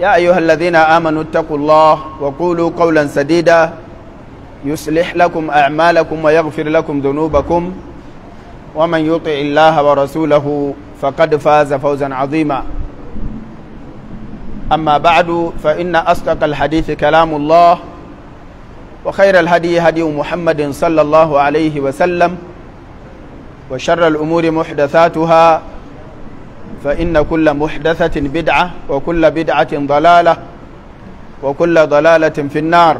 يا أيها الذين آمنوا اتقوا الله وقولوا قولا سديدا يصلح لكم أعمالكم ويغفر لكم ذنوبكم ومن يطع الله ورسوله فقد فاز فوزا عظيما أما بعد فإن أصدق الحديث كلام الله وخير الهدي هدي محمد صلى الله عليه وسلم وشر الأمور محدثاتها فإن كل محدثة بدعة وكل بدعة ضلالة وكل ضلالة في النار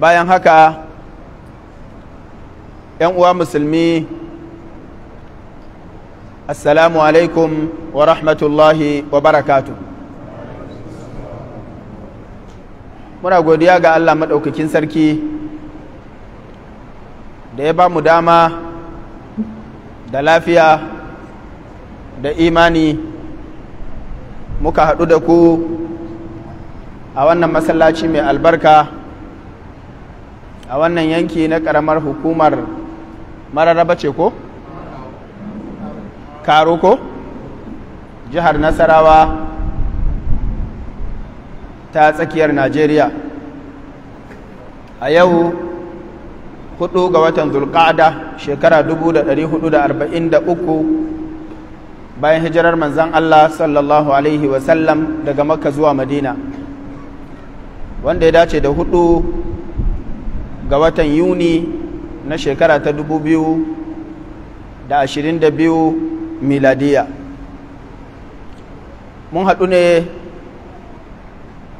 bayan haka ‘yan uwa musulmi assalamu alaikum wa rahmatullahi wa barakatu muna godiya ga Allah maɗaukakin sarki da ya ba mu dama da lafiya da imani muka haɗu da ku a wannan masallaci mai albarka a wannan yanki na ƙaramar hukumar Mararraba ce ko? karo ko? jihar nasarawa ta tsakiyar najeriya a yau hudu ga watan zulƙada shekara uku. bayan hijirar manzan Allah sallallahu alaihi wasallam daga makka zuwa madina wanda ya dace da hudu ga watan yuni na shekara ta dubu biyu da ashirin da biyu miladiya mun haɗu ne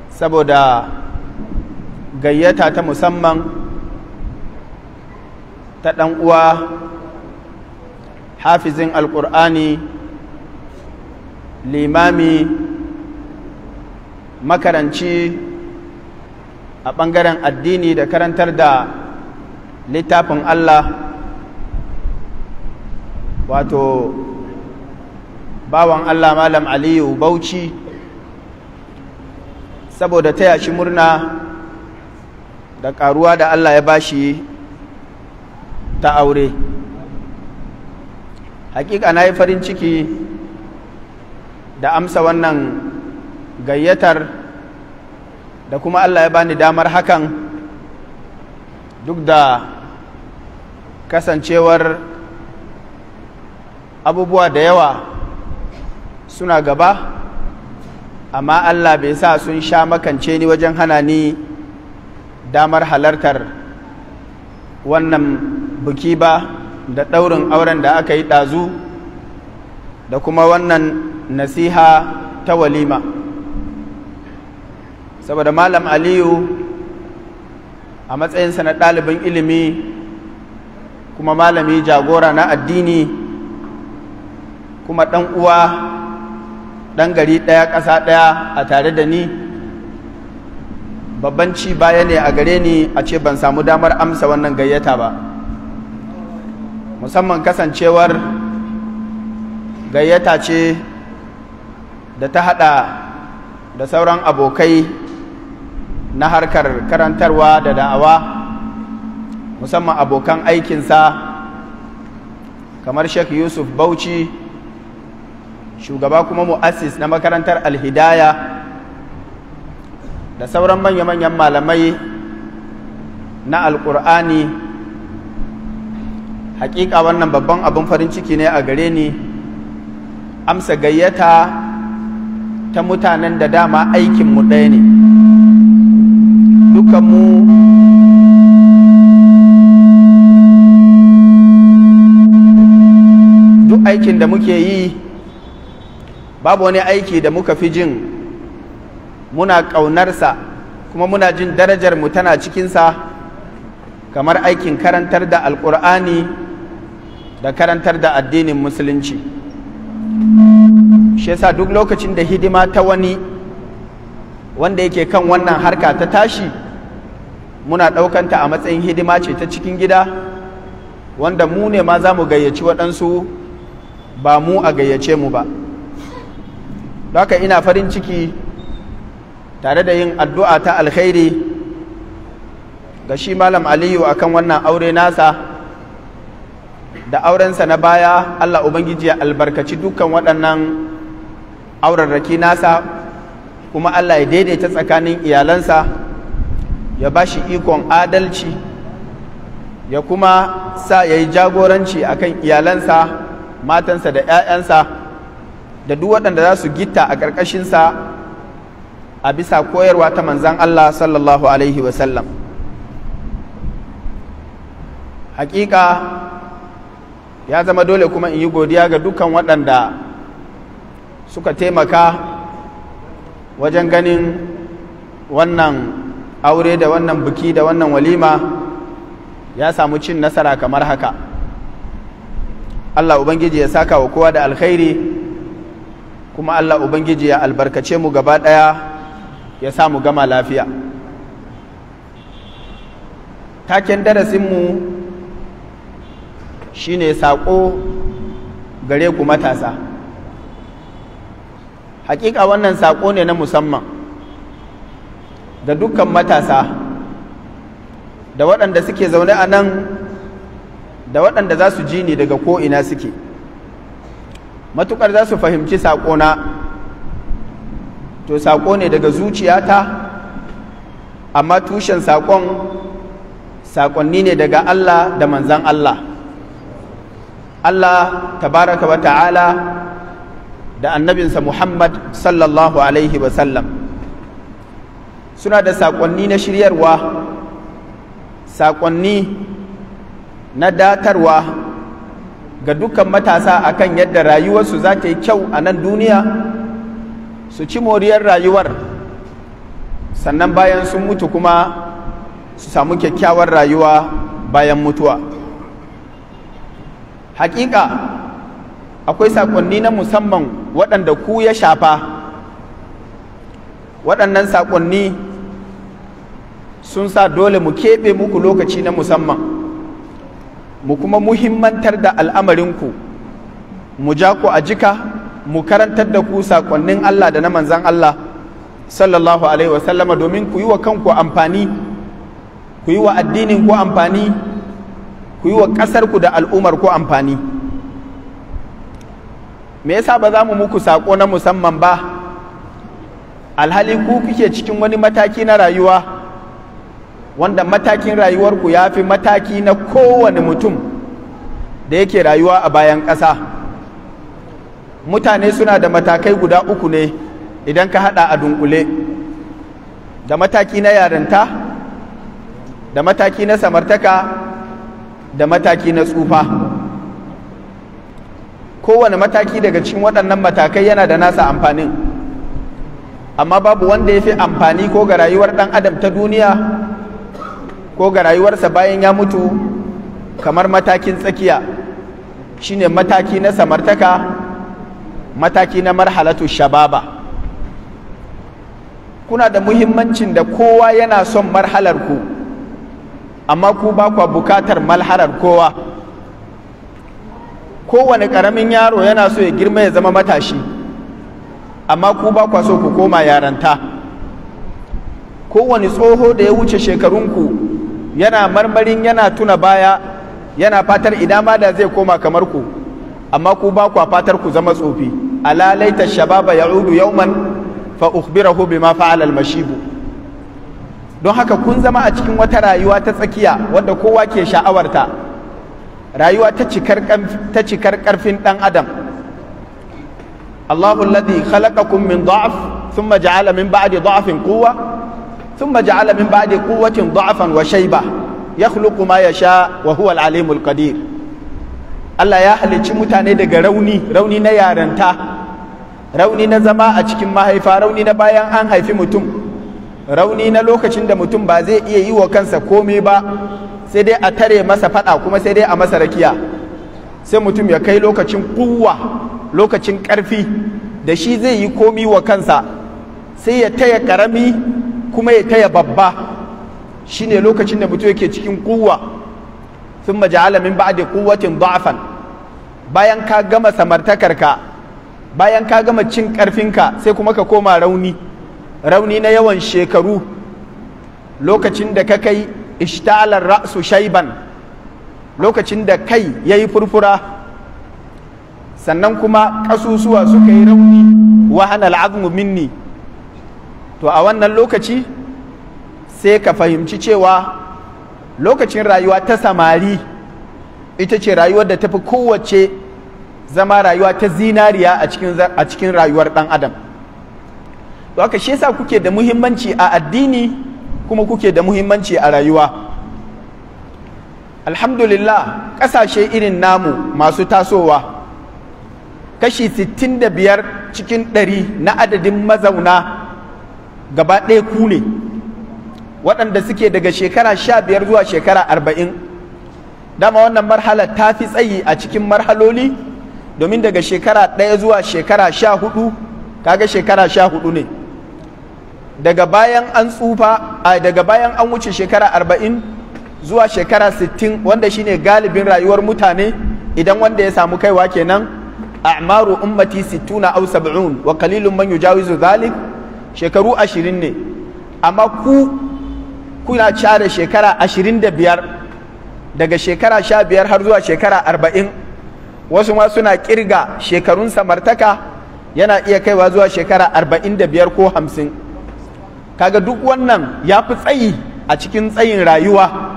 saboda gayyata ta musamman ta ɗan uwa hafizin alƙur'ani limami makaranci a ɓangaren addini da karantar da littafin Allah wato bawan Allah Malam Aliyu Bauchi saboda ta yashi murna da ƙaruwa da Allah ya bashi ta aure hakika na yi farin ciki da amsa wannan gayyatar da kuma Allah ya bani damar hakan duk da kasancewar abubuwa da yawa suna gaba amma Allah bai sa sun sha makance ni wajen hana ni damar halartar wannan buki ba da ɗaurin auren da aka yi ɗazu da kuma wannan nasiha ta walima saboda malam aliyu a matsayinsa na ɗalibin ilimi kuma malami jagora na addini kuma ɗan uwa ɗan gari ɗaya ƙasa ɗaya a tare da ni babban ci baya ne a gare ni a ce ban samu damar amsa wannan gayyata ba musamman kasancewar gayyata ce da ta haɗa da sauran abokai na harkar karantarwa da da'awa musamman abokan aikinsa kamar Sheikh Yusuf Bauchi shugaba kuma mu'assis na makarantar alhidaya da sauran manya-manyan malamai na alkur'ani haƙiƙa wannan babban abin farin ciki ne a gare ni amsa gayyata ta mutanen da dama aikinmu ɗaya ne mu duk aikin da muke yi babu wani aiki da muka fi jin muna ƙaunarsa kuma muna jin darajar mu tana cikinsa kamar aikin karantar da alƙur'ani da karantar da addinin musulunci shi yasa duk lokacin da hidima ta wani wanda yake kan wannan harka ta tashi muna ɗaukanta a matsayin hidima ce ta cikin gida wanda mu ne ma za mu gayyaci waɗansu ba mu a gayyace mu ba haka ina farin ciki tare da yin addu'a ta alkhairi ga shi malam aliyu akan wannan aure nasa da aurensa na baya allah ubangiji ya albarkaci dukkan waɗannan aurarraki nasa kuma Allah ya daidaita tsakanin iyalansa ya ba shi ikon adalci ya kuma sa ya yi jagoranci a kan iyalansa matansa da 'ya'yansa da duk waɗanda za su gitta a ƙarƙashinsa a bisa koyarwa ta manzan Allah sallallahu Alaihi wasallam hakika ya zama dole kuma in yi godiya ga dukan waɗanda suka taimaka wajen ganin wannan aure da wannan buki da wannan walima ya samu cin nasara kamar haka Allah Ubangiji ya saka wa kowa da alkhairi kuma Allah Ubangiji ya albarkace mu gaba ɗaya ya mu gama lafiya taken darasinmu shi ne saƙo gare ku matasa hakika wannan saƙo ne na musamman da dukkan matasa da waɗanda suke zaune a nan da waɗanda za su ji ni daga ko'ina suke matuƙar za su fahimci saƙona to saƙo ne daga zuciyata amma tushen saƙon saƙonni ne daga Allah da manzan Allah Allah tabaraka wa ta'ala da annabinsa Muhammad sallallahu alaihi wasallam suna da saƙonni na shiryarwa saƙonni na datarwa ga dukkan matasa akan yadda rayuwarsu za ta yi kyau a nan duniya su ci moriyar rayuwar sannan bayan sun mutu kuma su samu kyakkyawar rayuwa bayan mutuwa Haƙiƙa. akwai saƙonni na musamman waɗanda ku ya shafa waɗannan saƙonni sun sa dole mu keɓe muku lokaci na musamman mu kuma muhimmantar da al'amarinku mu ja ku a jika mu karantar da ku saƙonnin Allah da na manzan Allah sallallahu alaihi wasallama domin ku yi wa kanku amfani ku yi wa addinin ku amfani ku yi wa ƙasarku da al'umar ku amfani. me yasa ba za mu muku sako na musamman ba alhali ku kuke cikin wani mataki na rayuwa wanda matakin rayuwarku ya fi mataki na kowane mutum da yake rayuwa a bayan ƙasa mutane suna da matakai guda uku ne idan ka haɗa a dunkule da mataki na yarinta da mataki na samartaka da mataki na tsufa kowane mataki daga cikin waɗannan matakai yana da nasa amfanin amma babu wanda ya fi amfani ko ga rayuwar ɗan adam ta duniya ko ga rayuwarsa bayan ya mutu kamar matakin tsakiya shine mataki na samartaka mataki na marhalatu shababa kuna da muhimmancin da kowa yana son marhalar ku amma ku ba kwa bukatar marhalar kowa kowane ƙaramin yaro yana so ya girma ya zama matashi amma ku ba kwa so ku koma yaranta kowane tsoho da ya wuce shekarunku yana marmarin yana tuna baya yana fatar idan ma da zai koma kamar ku amma ku ba kwa fatar ku zama tsofi alalaita shababa ya udu yauman fa ukhbirahu bima fa'ala al don haka kun zama a cikin wata rayuwa ta tsakiya wadda kowa ke sha'awarta rayuwa ta cikar karfin ɗan adam Allahu alladhi khalaqakum min dha'f thumma ja'ala min ba'di dha'fin quwwa thumma ja'ala min ba'di quwwatin dha'fan wa shayba yakhluqu ma yasha wa huwa al-alimul qadir Allah ya halicci mutane daga rauni rauni na yaranta rauni na zama a cikin mahaifa rauni na bayan an haifi mutum rauni na lokacin da mutum ba zai iya yi wa kansa komai ba sai dai a tare masa fada kuma sai dai a masa rakiya sai mutum ya kai lokacin kuwa lokacin karfi da shi zai yi komi wa kansa sai ya taya karami kuma ya taya babba shi ne lokacin da mutum yake cikin kuwa sun maja'ala min da kuwacin ba'afan bayan ka gama samartakarka bayan ka gama cin karfinka sai kuma ka koma rauni rauni na yawan shekaru lokacin da ka kai ishtalar ra'su shaiban lokacin da kai ya yi furfura sannan kuma ƙasusuwa suka yi rauni wahana al'azmu minni to a wannan lokaci sai ka fahimci cewa lokacin rayuwa ta samari ita ce rayuwar da ta fi kowace zama rayuwa ta zinariya a cikin rayuwar ɗan adam to haka shi yasa kuke da muhimmanci a addini kuma kuke da muhimmanci a rayuwa alhamdulillah ƙasashe irin namu masu tasowa kashi sittin da biyar cikin 100 na adadin mazauna gaba ɗaya ku ne waɗanda suke daga shekara sha biyar zuwa shekara arba'in dama wannan marhala ta fi tsayi a cikin marhaloli domin daga shekara ɗaya zuwa shekara sha hudu kaga shekara sha hudu ne daga bayan an tsufa daga bayan an wuce shekara arba'in zuwa shekara sittin wanda shine galibin rayuwar mutane idan wanda ya samu kaiwa kenan a'maru ummati sittuna aw sab'un wa qalilun man yujawizu dhalik shekaru ashirin ne amma ku kuna share shekara ashirin da biyar daga shekara sha biyar har zuwa shekara arba'in wasu ma suna kirga shekarun samartaka yana iya kaiwa zuwa shekara arba'in da biyar ko hamsin kaga duk wannan ya fi tsayi a cikin tsayin rayuwa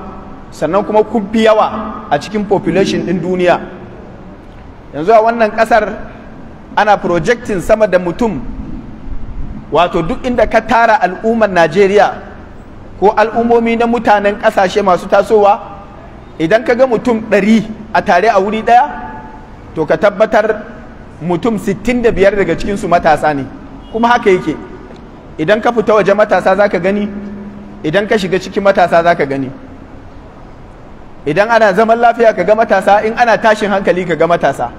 sannan kuma kun yawa a cikin population ɗin duniya yanzu a wannan ƙasar ana projectin sama da mutum wato duk inda ka tara al'ummar najeriya ko al'ummomi na mutanen ƙasashe masu tasowa idan ka ga mutum ɗari a tare a wuri ɗaya to ka tabbatar mutum 65 daga cikinsu matasa ne kuma haka yake idan ka fita waje matasa za ka gani idan ka shiga cikin matasa za ka gani idan ana zaman lafiya ka ga matasa in ana tashin hankali ka ga matasa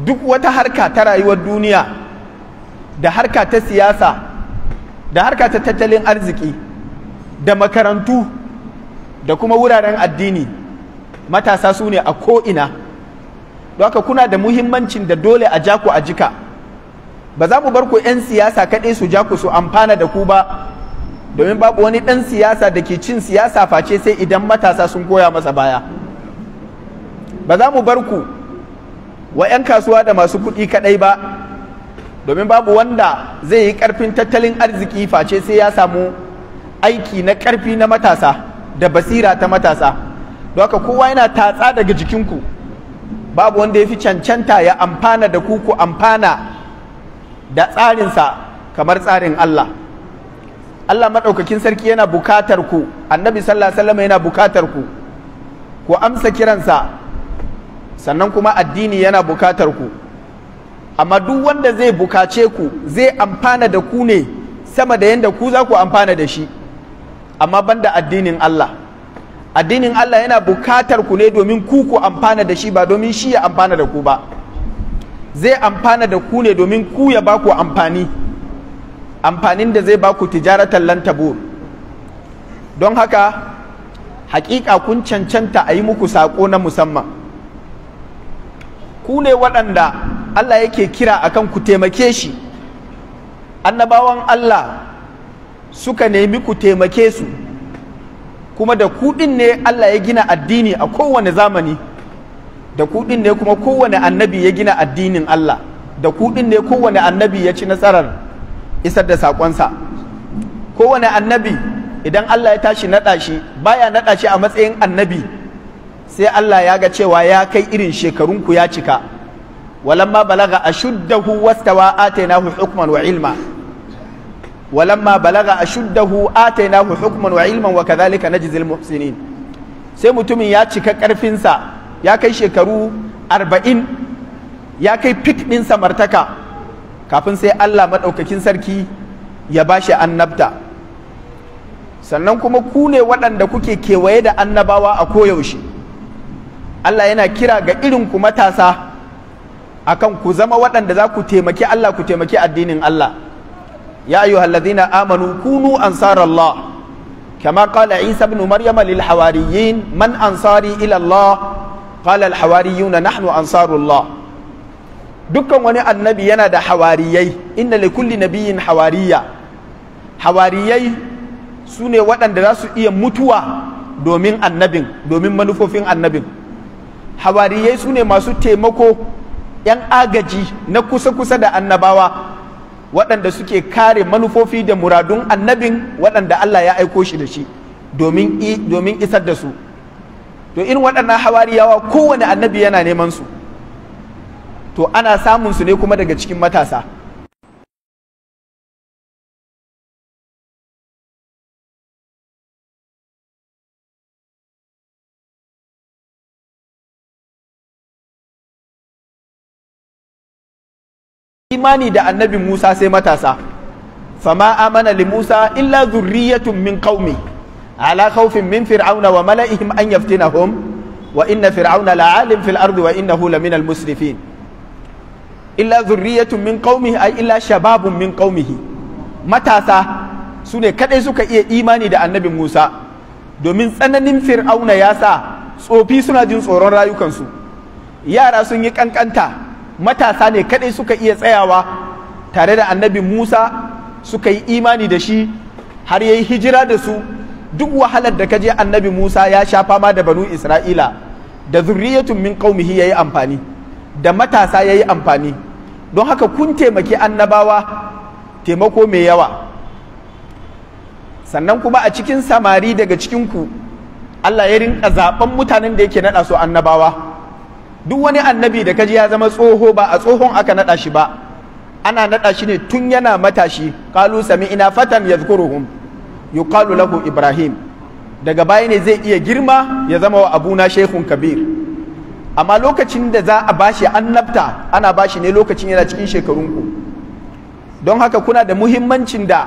duk wata harka ta rayuwar duniya da harka ta siyasa da harka ta tattalin arziki da makarantu da kuma wuraren addini matasa su ne a ko'ina don haka kuna da muhimmancin da dole a jaku a jika ba za mu bar ku 'yan siyasa kaɗai su ja ku su amfana da ku ba domin babu wani ɗan siyasa da ke cin siyasa face sai idan matasa sun koya masa baya ba za mu bar ku wa 'yan kasuwa da masu kuɗi kaɗai ba domin babu wanda zai yi ƙarfin tattalin arziki face sai ya samu aiki na ƙarfi na matasa da basira ta matasa don haka kowa yana tatsa daga jikinku babu wanda ya fi cancanta ya amfana da ku ku amfana da tsarinsa kamar tsarin Allah Allah maɗaukakin sarki yana bukatar ku annabi sallallahu alaihi yana bukatar ku ku amsa kiransa sannan kuma addini yana bukatar ku amma duk wanda zai bukace ku zai amfana da ku ne sama da yadda ku za ku amfana da shi amma banda addinin Allah addinin Allah yana bukatar ku ne domin ku ku amfana da shi ba domin shi ya amfana da ku ba zai amfana da ku ne domin ku ya ba ku amfani amfanin da zai ba ku tijaratan lantabo don haka hakika kun cancanta a yi muku saƙo na musamman ku ne waɗanda Allah yake kira akan ku taimake shi annabawan Allah suka nemi ku taimake su kuma da kuɗin ne Allah ya gina addini a kowane zamani da kuɗin ne kuma kowane annabi ya gina addinin Allah da kuɗin ne kowane annabi ya ci nasarar isar da saƙonsa kowane annabi idan Allah ya tashi naɗa shi baya naɗa shi a matsayin annabi sai Allah ya ga cewa ya kai irin shekarunku ya cika walamma balaga ashuddahu wastawa atainahu hukman wa ilma walamma balaga ashuddahu atainahu hukman wa ilman wa kadhalika najzil muhsinin sai mutumin ya cika ƙarfinsa ya kai shekaru arba'in ya kai fik ɗin samartaka kafin sai Allah maɗaukakin sarki ya ba shi annabta sannan kuma ku ne waɗanda kuke kewaye da annabawa a koyaushe Allah yana kira ga irin ku matasa akan ku zama waɗanda za ku taimaki Allah ku taimaki addinin Allah ya ayyuhal amanu kunu ansarallah kama qala isa ibn maryama lil hawariyin man ansari ila Allah qala al na nahnu ansarullah dukkan wani annabi yana da hawariyai inna li kulli nabiyyin hawariya hawariyai su ne waɗanda za su iya mutuwa domin annabin domin manufofin annabin hawariyai su ne masu taimako 'yan agaji na kusa-kusa da annabawa waɗanda suke kare manufofi da muradun annabin waɗanda Allah ya aiko shi da shi domin isar da su to in waɗannan hawariyawa kowane annabi yana neman su to ana samun su ne kuma daga cikin matasa imani da annabi Musa sai matasa fama amana li Musa illa zurriyatun min qaumi Hala khawfin min fir'auna wa mala'ihim an yaftinahum wa inna fir'auna la'alim fil ardi laminal musrifin illa zurriyatun min qaumihi ay illa shababun min qaumihi matasa su ne kadai suka iya imani da annabi Musa domin tsananin fir'auna ya sa tsofi suna jin tsoron rayukansu yara sun yi ƙanƙanta matasa ne kadai suka iya tsayawa tare da annabi Musa suka yi imani da shi har yayi hijira da su duk wahalar da kaje annabi Musa ya sha fama da banu Isra'ila da zurriyatun min qaumihi yayi amfani da matasa yayi amfani don haka kun taimaki annabawa taimako mai yawa sannan kuma a cikin samari daga cikin ku Allah ya rinka zaben mutanen da yake nada su annabawa duk wani annabi da kaji ya zama tsoho ba a tsohon aka nada shi ba ana nada shi ne tun yana matashi qalu ina fatan yadhkuruhum yuqalu lahu ibrahim daga baya ne zai iya girma ya zama wa abuna shehun kabir amma lokacin da za a bashi annabta ana bashi ne lokacin yana cikin shekarunku don haka kuna da muhimmancin da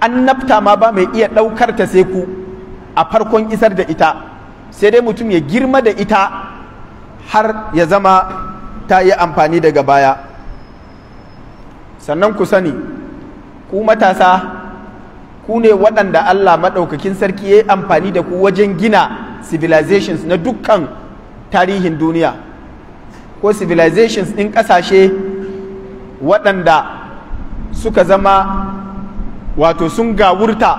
annabta ma ba mai iya ɗaukar ta sai ku a farkon isar da ita sai dai mutum ya girma da ita har ya zama ta yi amfani daga baya sannan ku sani ku matasa ku ne waɗanda Allah maɗaukakin sarki ya yi amfani da ku wajen gina civilizations na dukkan tarihin duniya ko civilizations ɗin ƙasashe waɗanda suka zama wato sun gawurta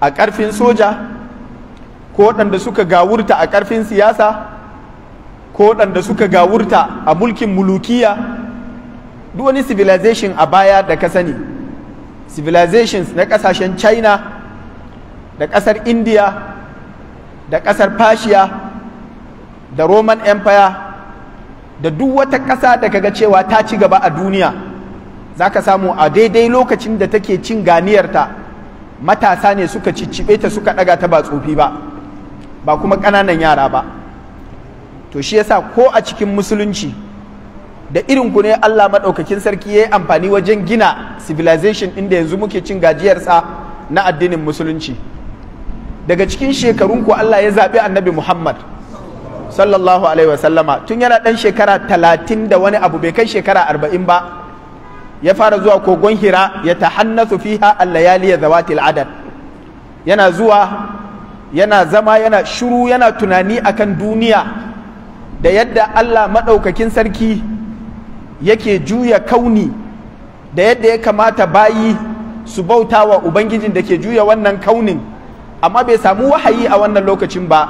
a ƙarfin soja ko waɗanda suka gawurta a ƙarfin siyasa ko waɗanda suka gawurta a mulkin mulukiya duk wani civilization a baya da ka sani civilizations na kasashen china da kasar india da kasar fashiya da roman empire da duk wata kasa da kaga cewa ta ci gaba a duniya za ka samu a daidai lokacin da take cin ganiyarta matasa ne suka ciccibe ta suka ɗaga ta ba tsofi ba ba kuma ƙananan yara ba to shi yasa ko a cikin musulunci da irin ku ne Allah maɗaukakin sarki ya yi amfani wajen gina civilization inda yanzu muke cin gajiyarsa na addinin musulunci daga cikin shekarun ku Allah ya zaɓi annabi Muhammad sallallahu alaihi wasallama tun yana ɗan shekara talatin da wani abu bai kai shekara arba'in ba ya fara zuwa kogon hira ya tahannasu fiha allayali ya zawatil adad yana zuwa yana zama yana shiru yana tunani akan duniya da yadda Allah maɗaukakin sarki yake juya kauni da yadda ya kamata bayi su bauta wa ubangijin da ke juya wannan kaunin amma bai samu wahayi a wannan lokacin ba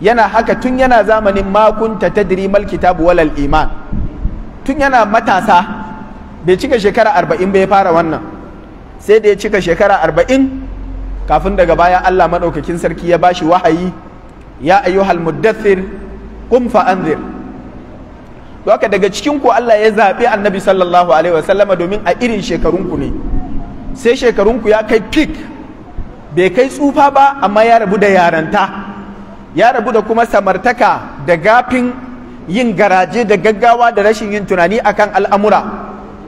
yana haka tun yana zamanin makunta ta dirimal kitabu walal iman tun yana matasa bai cika shekara arba'in bai fara wannan sai da ya cika shekara arba'in kafin daga baya Allah maɗaukakin sarki ya ba shi wahayi ya ayyuhal muddathir qum fa anzir haka daga cikin ku Allah ya zaɓi annabi sallallahu alaihi wasallama domin a irin shekarunku ne sai shekarunku ya kai peak bai kai tsufa ba amma ya rabu da yaranta ya rabu da kuma samartaka da gafin yin garaje da gaggawa da rashin yin tunani akan al'amura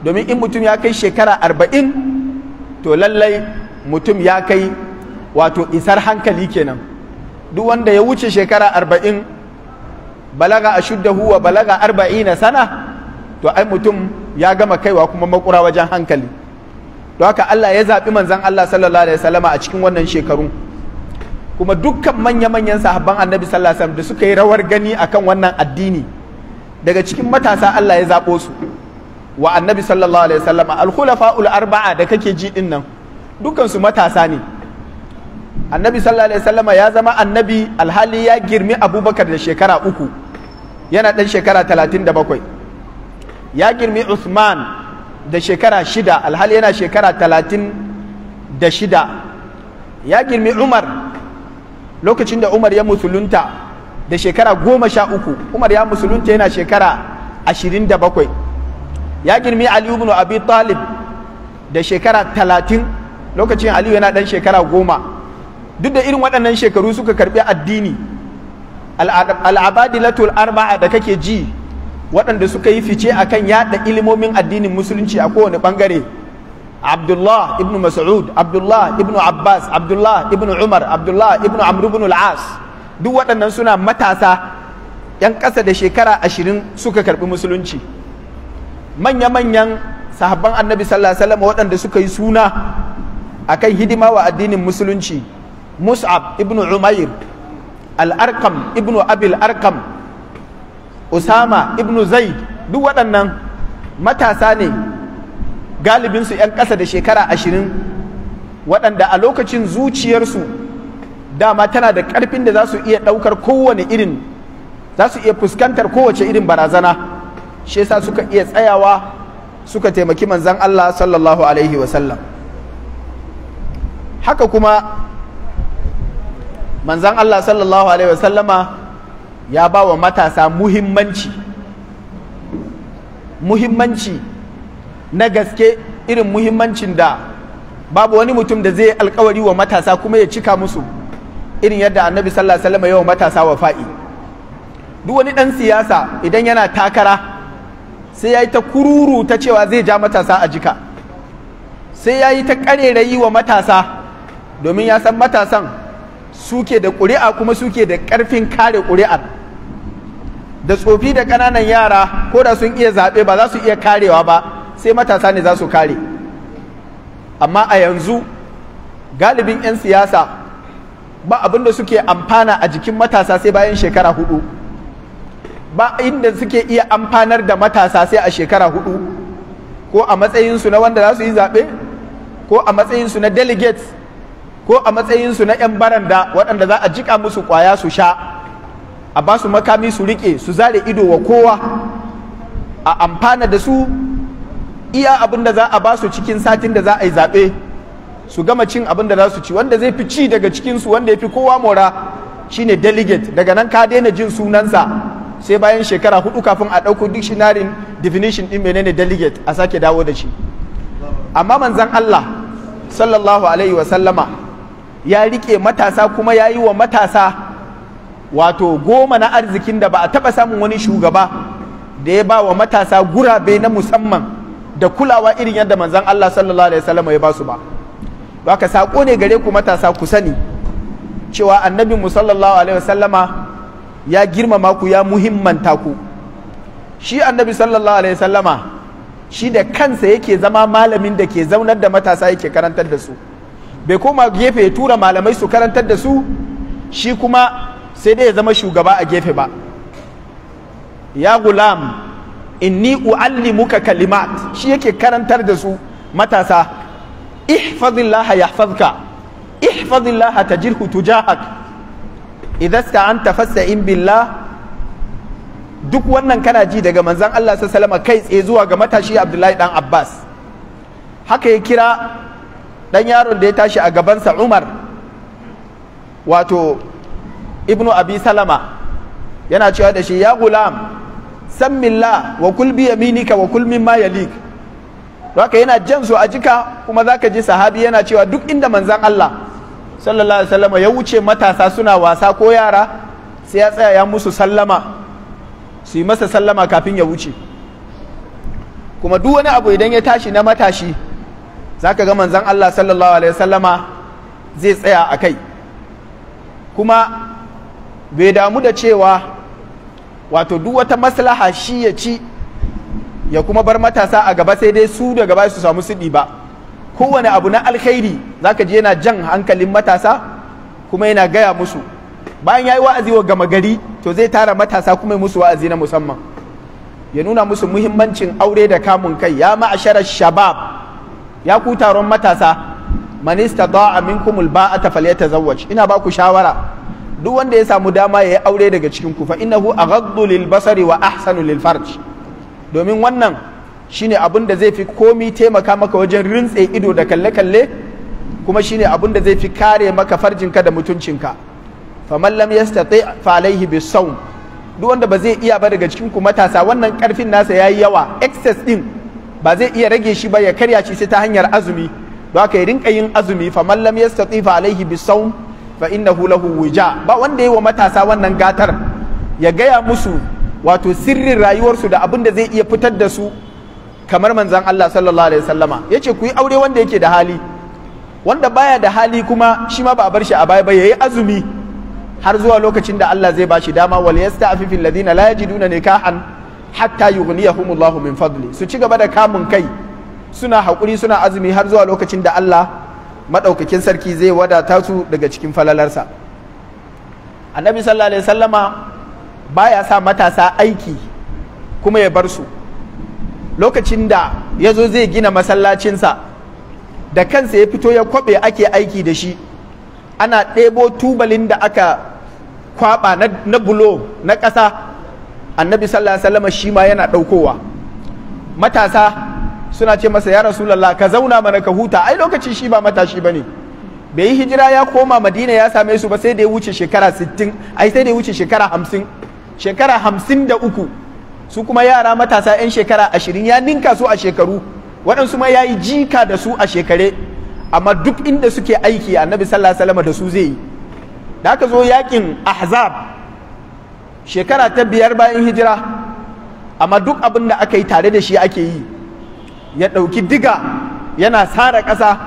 domin in mutum ya kai shekara arba'in to lallai mutum ya kai wato isar hankali kenan duk wanda ya wuce shekara arba'in balaga ashuddahu wa balaga arba'ina sana to ai mutum ya gama kaiwa kuma makura wajen hankali to haka Allah ya zaɓi manzan Allah sallallahu alaihi wasallama a cikin wannan shekaru kuma dukkan manya-manyan sahabban annabi sallallahu alaihi wasallam da suka yi rawar gani akan wannan addini daga cikin matasa Allah ya zaɓo su wa annabi sallallahu alaihi wasallam al-khulafa'ul arba'a da kake ji din nan dukkan su matasa ne annabi sallallahu alaihi wasallam ya zama annabi alhali ya girmi abubakar da shekara uku yana ɗan shekara 37 ya girmi Uthman da shekara shida alhali yana shekara 36 ya girmi Umar lokacin da Umar ya musulunta da shekara 13 Umar ya musulunta yana shekara 27 ya girmi Ali ibn Abi Talib da shekara 30 lokacin Ali yana ɗan shekara 10 duk da irin waɗannan shekaru suka karɓi addini al'abadilatul arba'a da kake ji waɗanda suka yi fice akan yada ilimomin addinin musulunci a kowane ɓangare abdullah ibn mas'ud abdullah ibn abbas abdullah ibn umar abdullah ibn amr ibn duk waɗannan suna matasa 'yan ƙasa da shekara ashirin suka karɓi musulunci manya-manyan sahabban annabi sallallahu alaihi wasallam waɗanda suka yi suna akan hidima wa addinin musulunci mus'ab ibn umair al'arkam ibnu abil arkam usama ibnu zaid duk waɗannan matasa ne galibinsu 'yan ƙasa da shekara ashirin waɗanda a lokacin zuciyarsu dama tana da ƙarfin da za su iya ɗaukar kowane irin za su iya fuskantar kowace irin barazana shi yasa suka iya tsayawa suka taimaki manzan Allah sallallahu alaihi wasallam haka kuma manzan Allah sallallahu alaihi wasallama ya ba wa matasa muhimmanci muhimmanci na gaske irin muhimmancin da babu wani mutum da zai alkawari wa matasa kuma ya cika musu irin yadda annabi sallallahu alaihi wasallama matasa wa fa'i duk wani ɗan siyasa idan yana takara sai ya yi ta kururu ta cewa zai ja matasa a jika sai ya yi ta ƙarerayi wa matasa domin ya san matasan suke da ƙuri'a kuma suke da ƙarfin kare ƙuri'ar da tsofi da ƙananan yara ko da sun iya zaɓe ba za su iya karewa ba sai matasa ne za su kare amma a yanzu galibin 'yan siyasa ba abin da suke amfana a jikin matasa sai bayan shekara hudu ba inda suke iya amfanar da matasa sai a shekara hudu ko a matsayinsu na wanda za su yi zaɓe ko a matsayinsu na delegates ko a matsayinsu na 'yan baranda waɗanda za a jika musu kwaya su sha a ba su makami su riƙe su zare ido wa kowa a amfana da su iya abin da za a ba su cikin satin da za a yi zaɓe su gama cin abin da za su ci wanda zai fi ci daga cikinsu wanda ya fi kowa mora shine delegate daga nan ka daina jin sunansa sai bayan shekara hudu kafin a ɗauko dictionary definition ɗin menene delegate a sake dawo da shi amma manzan Allah sallallahu alaihi wa sallama ya rike matasa kuma ya yi wa matasa wato goma na arzikin da ba a taɓa samun wani shugaba da ya ba wa matasa gurabe na musamman da kulawa irin yadda manzan Allah sallallahu alaihi wasallam ya ba su ba haka saƙo ne gare ku matasa ku sani cewa annabi mu alaihi wasallama ya girmama ku ya muhimmanta ku shi annabi sallallahu alaihi wasallama shi da kansa yake zama malamin da ke zaunar da matasa yake karantar da su bai koma gefe ya tura malamai su karantar da su shi kuma sai dai ya zama shugaba a gefe ba ya gulam inni muka kalimat shi yake karantar da su matasa ihfazillaha yahfazka ihfazillaha tajirhu tujahak idan sta'anta fasta'in billah duk wannan kana ji daga manzan Allah sallallahu alaihi kai tsaye zuwa ga matashi Abdullahi dan Abbas haka ya kira dan yaron da ya tashi a gabansa umar wato ibnu abi salama yana cewa da shi ya gulam sammilla wa kul bi yaminika wa kul mimma yalik haka yana jan su a jika kuma zaka ji sahabi yana cewa duk inda manzan Allah sallallahu alaihi wasallam ya wuce matasa suna wasa ko yara sai ya tsaya ya musu sallama su yi masa sallama kafin ya wuce kuma duk wani abu idan ya tashi na matashi zaka ga manzan Allah sallallahu alaihi wasallama zai tsaya a kai kuma bai damu da cewa wato duk wata maslaha shi ya ci ya kuma bar matasa a gaba sai dai su daga baya su samu suɗi ba kowane abu na alkhairi zaka ji yana jan hankalin matasa kuma yana gaya musu bayan ya yi wa'azi wa gama gari to zai tara matasa kuma musu wa'azi na musamman ya nuna musu muhimmancin aure da kamun kai ya ma'ashara shabab ya ku taron matasa man istata'a minkum alba'ata falyatazawwaj ina ba ku shawara duk wanda ya samu dama ya yi aure daga cikin ku fa innahu aghaddu wa ahsanu lilfarj domin wannan shine abin da zai fi komi taimaka maka wajen rintse ido da kalle kalle kuma shine abin da zai fi kare maka farjinka da mutuncinka faman lam yastati fa alaihi bisawm duk wanda ba zai iya ba daga cikin ku matasa wannan karfin nasa yayi yawa excess din ba zai iya rage shi ba ya karya shi sai ta hanyar azumi Ba ka ya rinka yin azumi fa man lam yastati fa alaihi bisawm fa innahu lahu wija ba wanda yi wa matasa wannan gatar ya gaya musu wato sirrin rayuwarsu da abin da zai iya fitar da su kamar manzon Allah sallallahu alaihi wasallama yace ku yi aure wanda yake da hali wanda baya da hali kuma shi ma ba a bar shi a baya ba yayi azumi har zuwa lokacin da Allah zai bashi dama wal yasta'fifil ladina la yajiduna nikahan hatta yughniyahumullahu min fadli su ci gaba da kamun kai suna haƙuri suna azumi har zuwa lokacin da Allah maɗaukakin sarki zai wadata su daga cikin falalarsa annabi sallallahu alaihi sallama baya sa matasa aiki kuma ya bar su lokacin da ya zo zai gina masallacinsa da kansa ya fito ya kwaɓe ake aiki da shi ana ɗebo tubalin da aka kwaɓa na bulo na ƙasa annabi sallallahu alaihi wasallam shi ma yana ɗaukowa matasa suna ce masa ya rasulullah ka zauna mana ka huta ai lokaci shi ba matashi bane bai yi hijira ya koma madina ya same su ba sai da ya wuce shekara 60 ai sai da ya wuce shekara 50 shekara 53 su kuma yara matasa 'yan shekara 20 ya ninka su a shekaru waɗansu ma ya yi jika da su a shekare amma duk inda suke aiki annabi sallallahu alaihi wasallam da su zai yi da aka zo yakin ahzab shekara ta biyar bayan hijira amma duk abin da aka yi tare da shi ake yi ya ɗauki diga yana sara ƙasa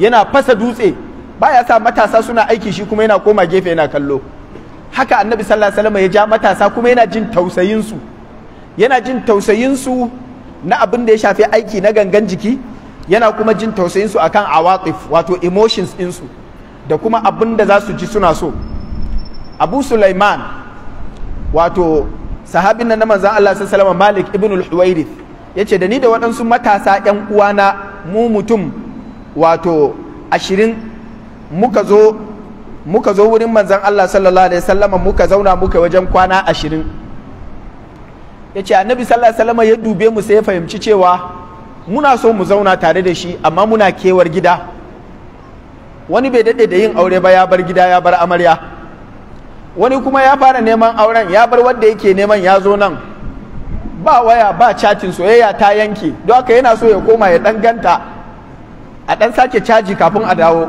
yana fasa dutse ba ya sa matasa suna aiki shi kuma yana koma gefe yana kallo haka annabi sallallahu alaihi ya ja matasa kuma yana jin tausayinsu yana jin tausayinsu na abin da ya shafi aiki na gangan jiki yana kuma jin tausayin su akan awatif wato emotions ɗinsu da kuma abin da za su ji suna so abu sulaiman wato sahabin nan na manzan Allah sallallahu Malik ibn al-Huwairith yace da ni da waɗansu matasa ƴan uwana mu mutum wato ashirin muka zo muka zo wurin manzan Allah sallallahu alaihi wasallama muka zauna muka wajen kwana ashirin yace annabi sallallahu alaihi ya dube mu sai ya fahimci cewa muna so mu zauna tare da shi amma muna kewar gida wani bai daɗe da yin aure ba ya bar gida ya bar amarya wani kuma ya fara neman auren ya bar wanda yake neman ya zo nan ba waya ba cacin soyayya ta yanke don haka yana so ya koma ya dan ganta a dan sake caji kafin a dawo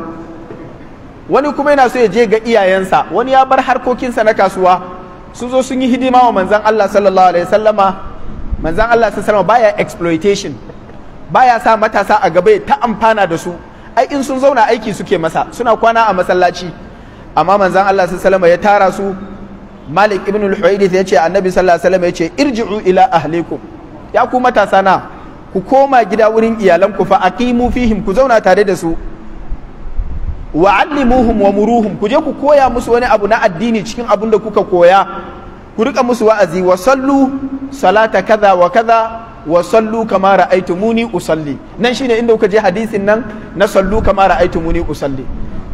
wani kuma yana so ya je ga iyayensa wani ya bar harkokinsa na kasuwa sun zo sun yi hidima wa manzan Allah sallallahu alaihi sallama manzan Allah sallallahu baya exploitation baya sa matasa a gaba ta amfana da su ai in sun zauna aiki suke masa suna kwana a masallaci amma manzan Allah sallallahu ya tara su Malik ibn al-Huwaydith yace Annabi sallallahu alaihi wasallam yace irji'u ila ahlikum ya ku matasa na ku koma gida wurin iyalanku fa aqimu fihim ku zauna tare da su wa allimuhum wa muruhum ku je ku koya musu wani abu na addini cikin abun da kuka koya ku rika musu wa'azi wa sallu salata kaza wa kaza wa sallu kama ra'aytumuni usalli nan shine inda kuka je hadisin nan na sallu kama ra'aytumuni usalli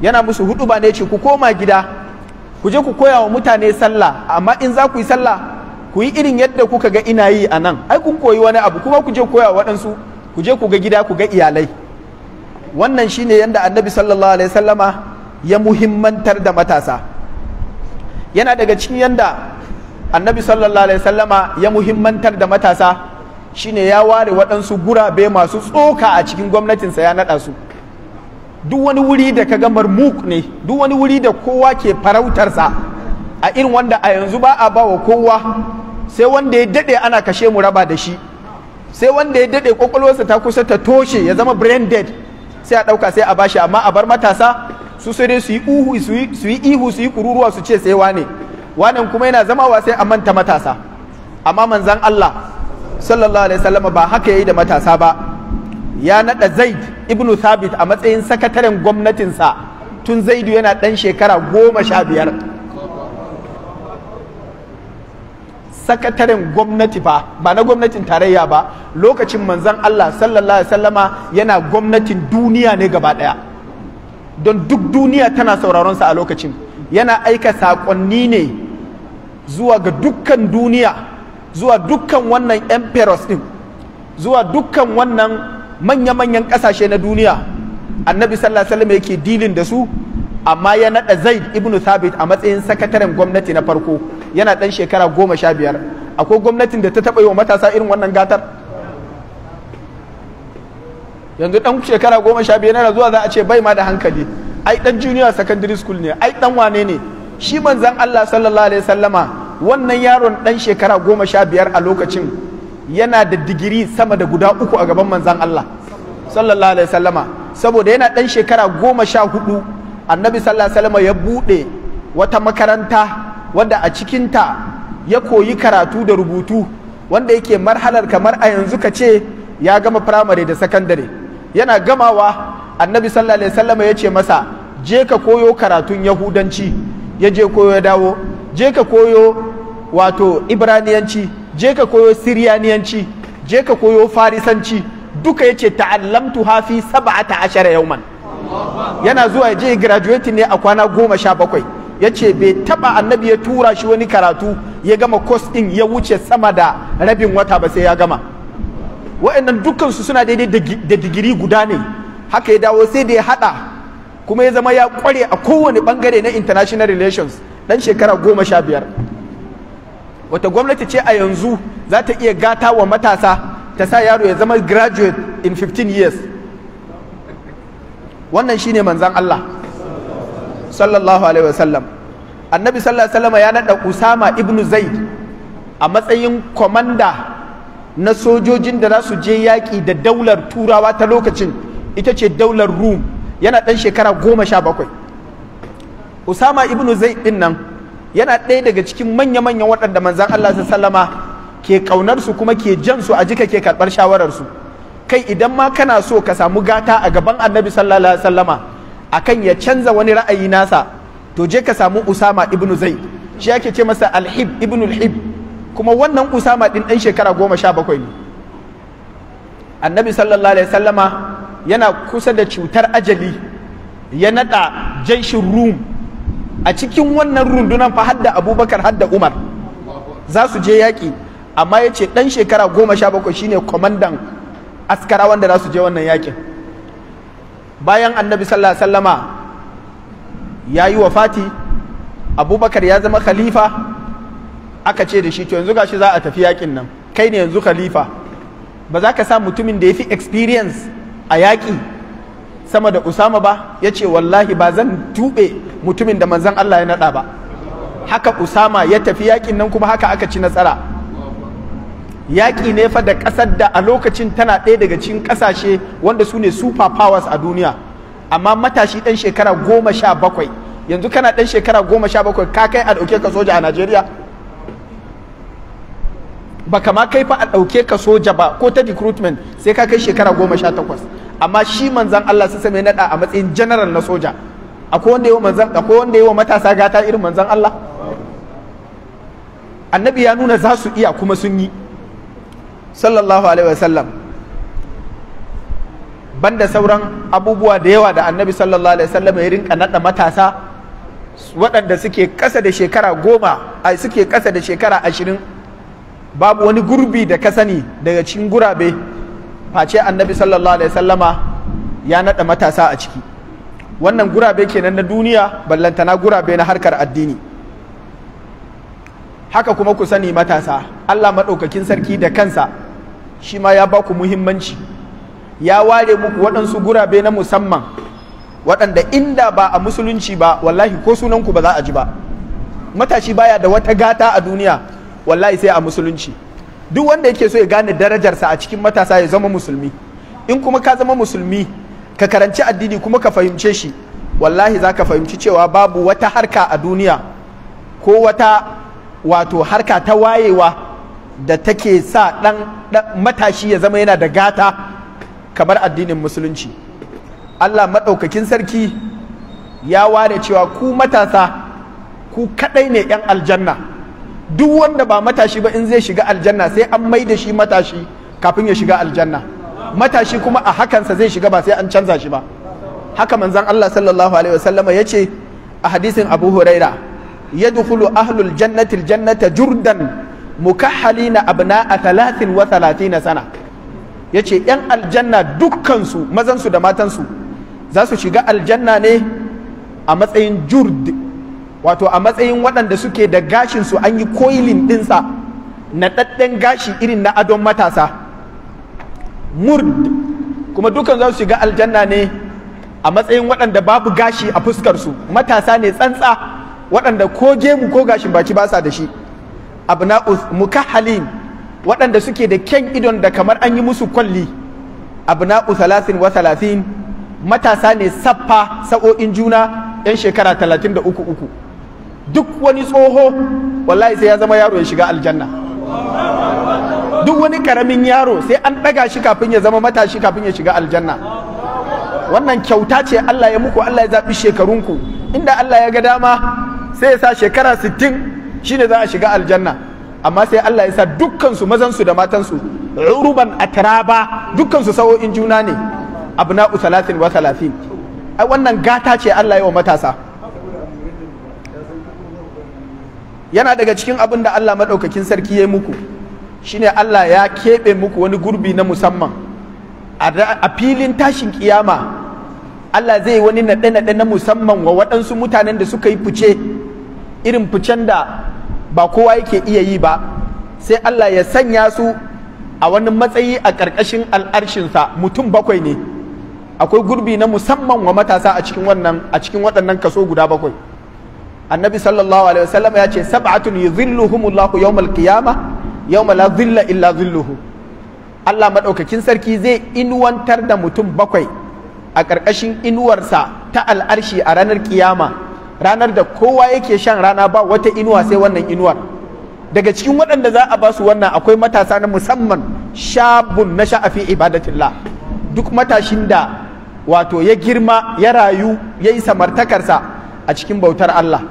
yana musu hudu ba ne ce ku koma gida ku je ku koya wa mutane sallah amma in za ku yi sallah ku yi irin yadda kuka ga ina yi a nan ai kun koyi wani abu kuma ku je koya waɗansu ku je ku ga gida ku ga iyalai wannan shine yadda annabi sallallahu alaihi sallama ya muhimmantar da matasa yana daga cikin yadda annabi sallallahu alaihi sallama ya muhimmantar da matasa shine ya ware waɗansu gurabe masu tsoka a cikin gwamnatinsa ya naɗa su duk wani wuri da ka ga marmuk ne duk wani wuri da kowa ke farautarsa a irin wanda a yanzu ba a bawa kowa sai wanda ya daɗe ana kashe mu raba da shi sai wanda ya dade kwakwalwarsa ta kusa ta toshe ya zama brain dead sai a ɗauka sai a bashi amma a bar matasa su sai dai su yi uhu su yi ihu su yi kururuwa su ce sai wane wannan kuma yana zama wa sai a manta matasa amma manzon Allah sallallahu alaihi wasallam ba haka yayi da matasa ba ya naɗa zaid ibnu thabit a matsayin sakataren gwamnatinsa tun zaidu yana ɗan shekara goma sha biyar sakataren gwamnati ba, ba na gwamnatin tarayya ba lokacin manzan allah sallallahu alaihi sallama yana gwamnatin duniya ne gaba ɗaya don duk duniya tana sauraron sa a lokacin yana aika saƙonni ne zuwa ga dukkan duniya zuwa dukkan wannan emperors ɗin zuwa dukkan wannan manya-manyan ƙasashe na duniya annabi sallallahu alaihi yake dilin da su amma ya naɗa zaid ibn thabit a matsayin sakataren gwamnati na farko yana ɗan shekara goma sha biyar akwai gwamnatin da ta taba yi wa matasa irin wannan gatar yanzu dan shekara goma sha biyar yana zuwa za a ce bai ma da hankali ai ɗan junior secondary school ne ai dan wane ne shi manzon allah sallallahu alaihi sallama wannan yaron ɗan shekara goma sha biyar a lokacin yana da digiri sama da guda uku a gaban manzan Allah sallallahu alaihi wasallama saboda yana ɗan shekara goma sha hudu annabi sallallahu alaihi wasallama ya buɗe wata makaranta wanda a cikinta ya koyi karatu da rubutu wanda yake marhalar kamar a yanzu ka ce ya gama firamare da sakandare yana gamawa annabi sallallahu alaihi wasallama ya ce masa je ka koyo karatun yahudanci ya je koyo ya dawo je ka koyo wato ibraniyanci je ka koyo siriyaniyanci je ka koyo farisanci duka ce ta'allamtu ha fi sab'ata ashara man. yana zuwa je graduate ne a kwana goma sha bakwai ya ce bai taba annabi ya tura shi wani karatu ya gama course din ya wuce sama da rabin wata ba sai ya gama wa'annan dukkansu suna daidai da digiri guda ne haka ya dawo sai da ya hada kuma ya zama ya kware a kowane bangare na international relations dan shekara goma sha biyar wata gwamnati ce a yanzu za ta iya gata wa matasa ta sa yaro ya zama graduate in 15 years wannan shine manzan Allah sallallahu alaihi wasallam annabi sallallahu alaihi wasallam ya nada Usama ibnu Zaid a matsayin kwamanda na sojojin da za su je yaƙi da daular turawa ta lokacin ita ce daular Rum yana ɗan shekara goma sha bakwai Usama ibnu Zaid din nan yana ɗaya daga cikin manya manya waɗanda manzan Allah sallama ke ƙaunarsu kuma ke jan su a jika ke karɓar shawararsu kai idan ma kana so ka samu gata a gaban annabi sallallahu alaihi wasallama akan ya canza wani ra'ayi nasa to je ka samu usama ibnu zai shi yake ce masa alhib ibnu alhib kuma wannan usama din ɗan shekara goma sha bakwai ne annabi sallallahu alaihi wasallama yana kusa da cutar ajali ya naɗa jaishin rum a cikin wannan rundunan fa hadda abubakar hadda umar za su je yaƙi amma ya ce ɗan shekara goma sha bakwai shine kwamandan askara wanda za su je wannan yaƙin bayan annabi sallallahu alaihi sallama ya yi wa fati abubakar ya zama khalifa aka ce da shi to yanzu gashi za a tafi yaƙin nan kai ne yanzu khalifa ba za ka sa mutumin da ya fi experience a yaƙi sama da usama ba ya ce wallahi ba zan tuɓe mutumin da manzan Allah ya naɗa ba haka usama ya tafi yaƙin nan kuma haka aka ci nasara yaƙi ne fa da ƙasar da a lokacin tana ɗaya daga cikin ƙasashe wanda su ne super powers a duniya amma matashi ɗan shekara goma sha bakwai yanzu kana ɗan shekara goma sha bakwai ka kai a ɗauke ka soja a najeriya ba kama kai fa a ɗauke ka soja ba ko ta recruitment sai ka kai shekara goma sha takwas amma shi manzan allah su same naɗa a matsayin general na soja akwai wanda yawa manzan akwai wanda matasa gata irin manzan Allah annabi ya nuna za su iya kuma sun yi sallallahu alaihi wasallam banda sauran abubuwa da yawa da annabi sallallahu alaihi wasallam ya rinka nada matasa waɗanda suke ƙasa da shekara goma a suke kasa da shekara ashirin babu wani gurbi da ka sani daga cikin gurabe face annabi sallallahu alaihi wasallama ya nada matasa a ciki wannan gurabe kenan na duniya ballantana gurabe na harkar addini haka kuma ku sani matasa Allah maɗaukakin sarki da kansa shi ma ya ba ku muhimmanci ya ware muku waɗansu gurabe na musamman waɗanda inda ba a musulunci ba wallahi ko sunanku ba za a ji ba matashi baya da wata gata a duniya wallahi sai a musulunci duk wanda yake so ya gane darajarsa a cikin matasa ya zama musulmi in kuma ka zama musulmi ka karanci addini kuma ka fahimce shi wallahi za ka fahimci cewa babu wata harka a duniya ko wata wato harka ta wayewa da take sa ɗan matashi ya zama yana da gata kamar addinin musulunci Allah maɗaukakin sarki ya ware cewa ku matasa ku kaɗai ne 'yan aljanna duk wanda ba matashi ba in zai shiga aljanna sai an mai da shi matashi kafin ya shiga aljanna matashi kuma a hakansa zai shiga ba sai an canza shi ba haka manzan Allah sallallahu alaihi wasallama yace a hadisin Abu Huraira yadkhulu ahlul jannati aljannata jurdan mukahhalina abna'a 33 sana yace yan aljanna dukkansu mazansu da matansu za su shiga aljanna ne a matsayin jurd wato a matsayin waɗanda suke da gashinsu an yi koilin ɗinsa naɗaɗɗen gashi irin na adon matasa murd kuma dukan za su shiga aljanna ne a matsayin waɗanda babu gashi a fuskarsu matasa ne tsantsa waɗanda ko gemu ko gashin baki ba sa da shi abna'u mukahalin waɗanda suke da kyan idon da kamar an yi musu kwalli abna'u salasin wa salasin matasa ne saffa sa'o'in juna yan shekara talatin da uku uku duk wani tsoho wallahi sai ya zama yaro ya shiga aljanna duk wani karamin yaro sai an ɗaga shi kafin ya zama matashi kafin ya shiga aljanna wannan kyauta ce Allah ya muku Allah ya zaɓi shekarunku inda Allah ya ga dama sai ya sa shekara 60 shine za a shiga aljanna amma sai Allah ya sa dukkansu mazansu da matansu uruban atraba dukkansu sa'o'in juna ne abna'u 30 wa ai wannan gata ce Allah ya wa matasa yana daga cikin abin da Allah maɗaukakin sarki ya yi muku shine Allah ya keɓe muku wani gurbi na musamman a filin tashin kiyama Allah zai wani naɗe-naɗe na musamman wa waɗansu mutanen da suka yi fice irin ficen da ba kowa yake iya yi ba sai Allah ya sanya su a wani matsayi a ƙarƙashin al'arshinsa mutum bakwai ne akwai gurbi na musamman wa matasa a cikin wannan a cikin waɗannan kaso guda bakwai annabi sallallahu alaihi wasallam ya ce sab'atun yuzilluhumullahu yawmal qiyamah yawma la zilla illa zilluhu Allah madaukakin sarki zai inuwantar da mutum bakwai a ƙarƙashin inuwarsa ta al'arshi a ranar kiyama ranar da kowa yake shan rana ba wata inuwa sai wannan inuwar daga cikin waɗanda za a ba su wannan akwai matasa na musamman shabun na sha'afi ibadatillah duk matashin da wato ya girma ya rayu ya yi samartakarsa a cikin bautar Allah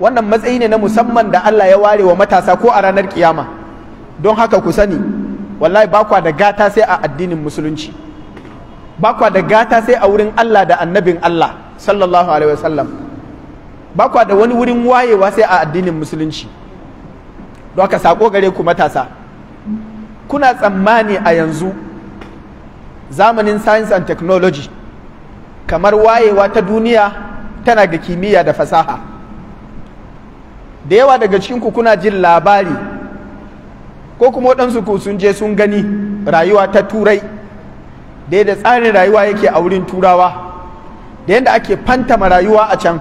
wannan matsayi ne na musamman da Allah ya ware wa matasa ko a ranar kiyama don haka ku sani wallahi ba kwa da gata sai a addinin musulunci ba kwa da gata sai a wurin Allah da annabin Allah sallallahu alaihi wasallam ba kwa da wani wurin wayewa sai a addinin musulunci don haka sako gare ku matasa kuna tsammani a yanzu zamanin science and technology kamar wayewa ta duniya tana ga kimiyya da fasaha da yawa daga cikinku kuna jin labari ko kuma waɗansu ku sun je sun gani rayuwa ta turai da da tsarin rayuwa yake a wurin turawa da yadda ake fantama rayuwa a can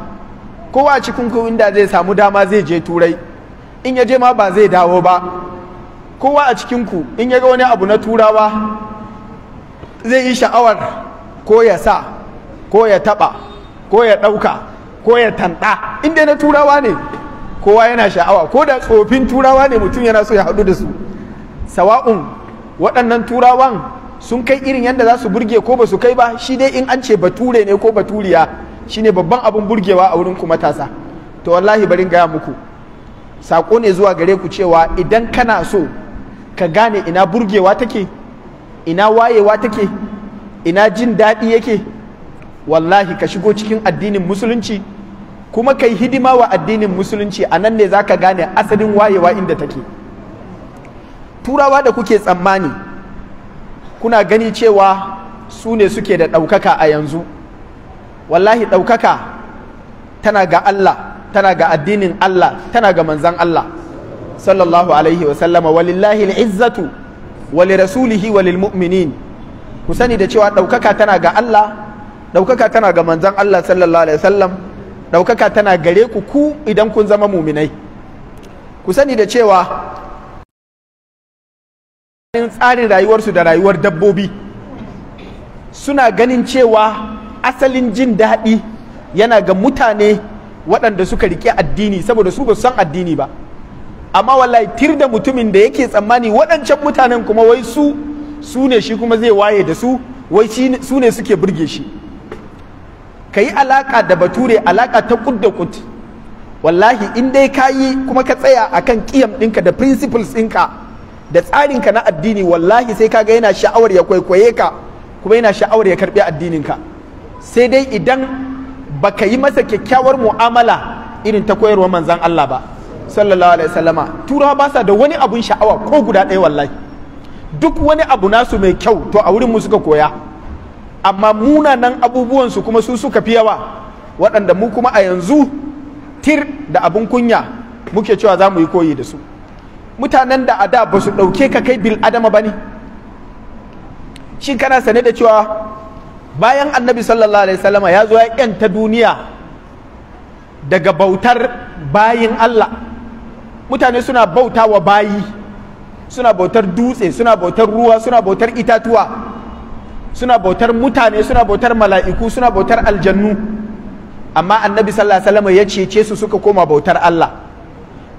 kowa a cikin ku inda zai samu dama zai je turai in ya je ma ba zai dawo ba kowa a cikin ku in ya ga wani abu na turawa zai yi sha'awar ko ya sa ko ya taɓa ko ya ɗauka ko ya tanɗa inda na turawa ne kowa yana sha'awa ko da tsofin turawa ne mutum yana so ya haɗu da su sawa'un waɗannan turawan sun kai irin yadda za su burge ko ba su kai ba shi dai in an ce bature ne ko baturiya ne babban abin burgewa a wurin ku matasa to wallahi barin gaya muku saƙo ne zuwa gare ku cewa idan kana so ka gane ina burgewa take ina wayewa take ina jin daɗi yake wallahi ka shigo cikin addinin musulunci kuma kai hidima wa addinin musulunci a nan ne za ka gane asalin wayewa inda take turawa da kuke tsammani kuna gani cewa su ne suke da ɗaukaka a yanzu wallahi ɗaukaka tana ga Allah tana ga addinin Allah tana ga manzan Allah sallallahu alaihi wa sallama walillahi al'izzatu wali rasulihi walil mu'minin ku sani da cewa ɗaukaka tana ga Allah ɗaukaka tana ga manzan Allah sallallahu alaihi wasallam ɗaukaka tana gare ku ku idan kun zama muminai ku sani da cewa tsarin rayuwarsu da rayuwar dabbobi suna ganin cewa asalin jin daɗi yana ga mutane waɗanda suka riƙe addini saboda su ba san addini ba amma wallahi tir da mutumin da yake tsammani waɗancan mutanen kuma wai su su ne shi kuma zai waye da su wai su ne suke burge shi ka yi alaƙa da bature alaƙa ta ƙud da ƙud. wallahi in dai ka yi kuma ka tsaya a kan ƙiyam ɗinka da principles ɗinka da tsarinka na addini wallahi sai kaga yana sha'awar ya kwaikwaye ka kuma yana sha'awar ya karbi addininka sai dai idan baka yi masa kyakkyawar mu'amala irin ta koyarwa manzan Allah ba sallallahu alaihi wasallama turawa ba sa da wani abun sha'awa ko guda ɗaya wallahi duk wani abu nasu mai kyau to a wurin mu suka koya amma munanan abubuwan su kuma su suka fi yawa waɗanda mu kuma a yanzu tir da abun kunya muke cewa za mu yi koyi da su mutanen da a da ba su ɗauke ka kai bil adama ba ne shin kana sane da cewa bayan annabi sallallahu alaihi wasallama ya zo ya ta duniya daga bautar bayin Allah mutane suna bauta wa bayi suna bautar dutse suna bautar ruwa suna bautar itatuwa suna bautar mutane suna bautar mala'iku suna bautar aljannu amma annabi sallallahu alaihi wasallama ya cece su suka koma bautar Allah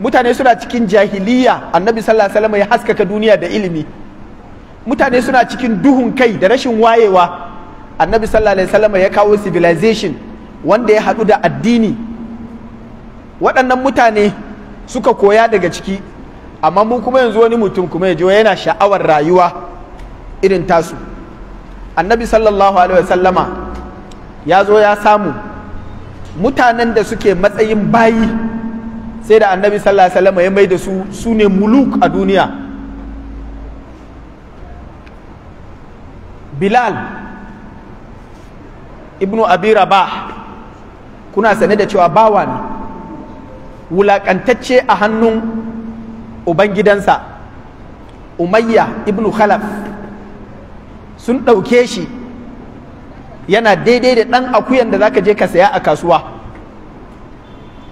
mutane suna cikin jahiliya annabi sallallahu alaihi wasallam ya haskaka duniya da ilimi mutane suna cikin duhun kai da rashin wayewa annabi sallallahu alaihi wasallam ya kawo civilization wanda ya haɗu da addini waɗannan mutane suka koya daga ciki amma mu kuma yanzu wani mutum kuma ya je yana sha'awar rayuwa irin tasu annabi sallallahu alaihi wasallama ya zo ya samu mutanen da suke matsayin bayi sai da annabi sallallahu alaihi wasallam ya mai da su su ne muluk a duniya bilal ibnu abi rabah kuna sane da cewa bawa ne wulakantacce a hannun ubangidansa umayya ibnu khalaf sun ɗauke shi yana daidai da ɗan akuyan da zaka je ka saya a kasuwa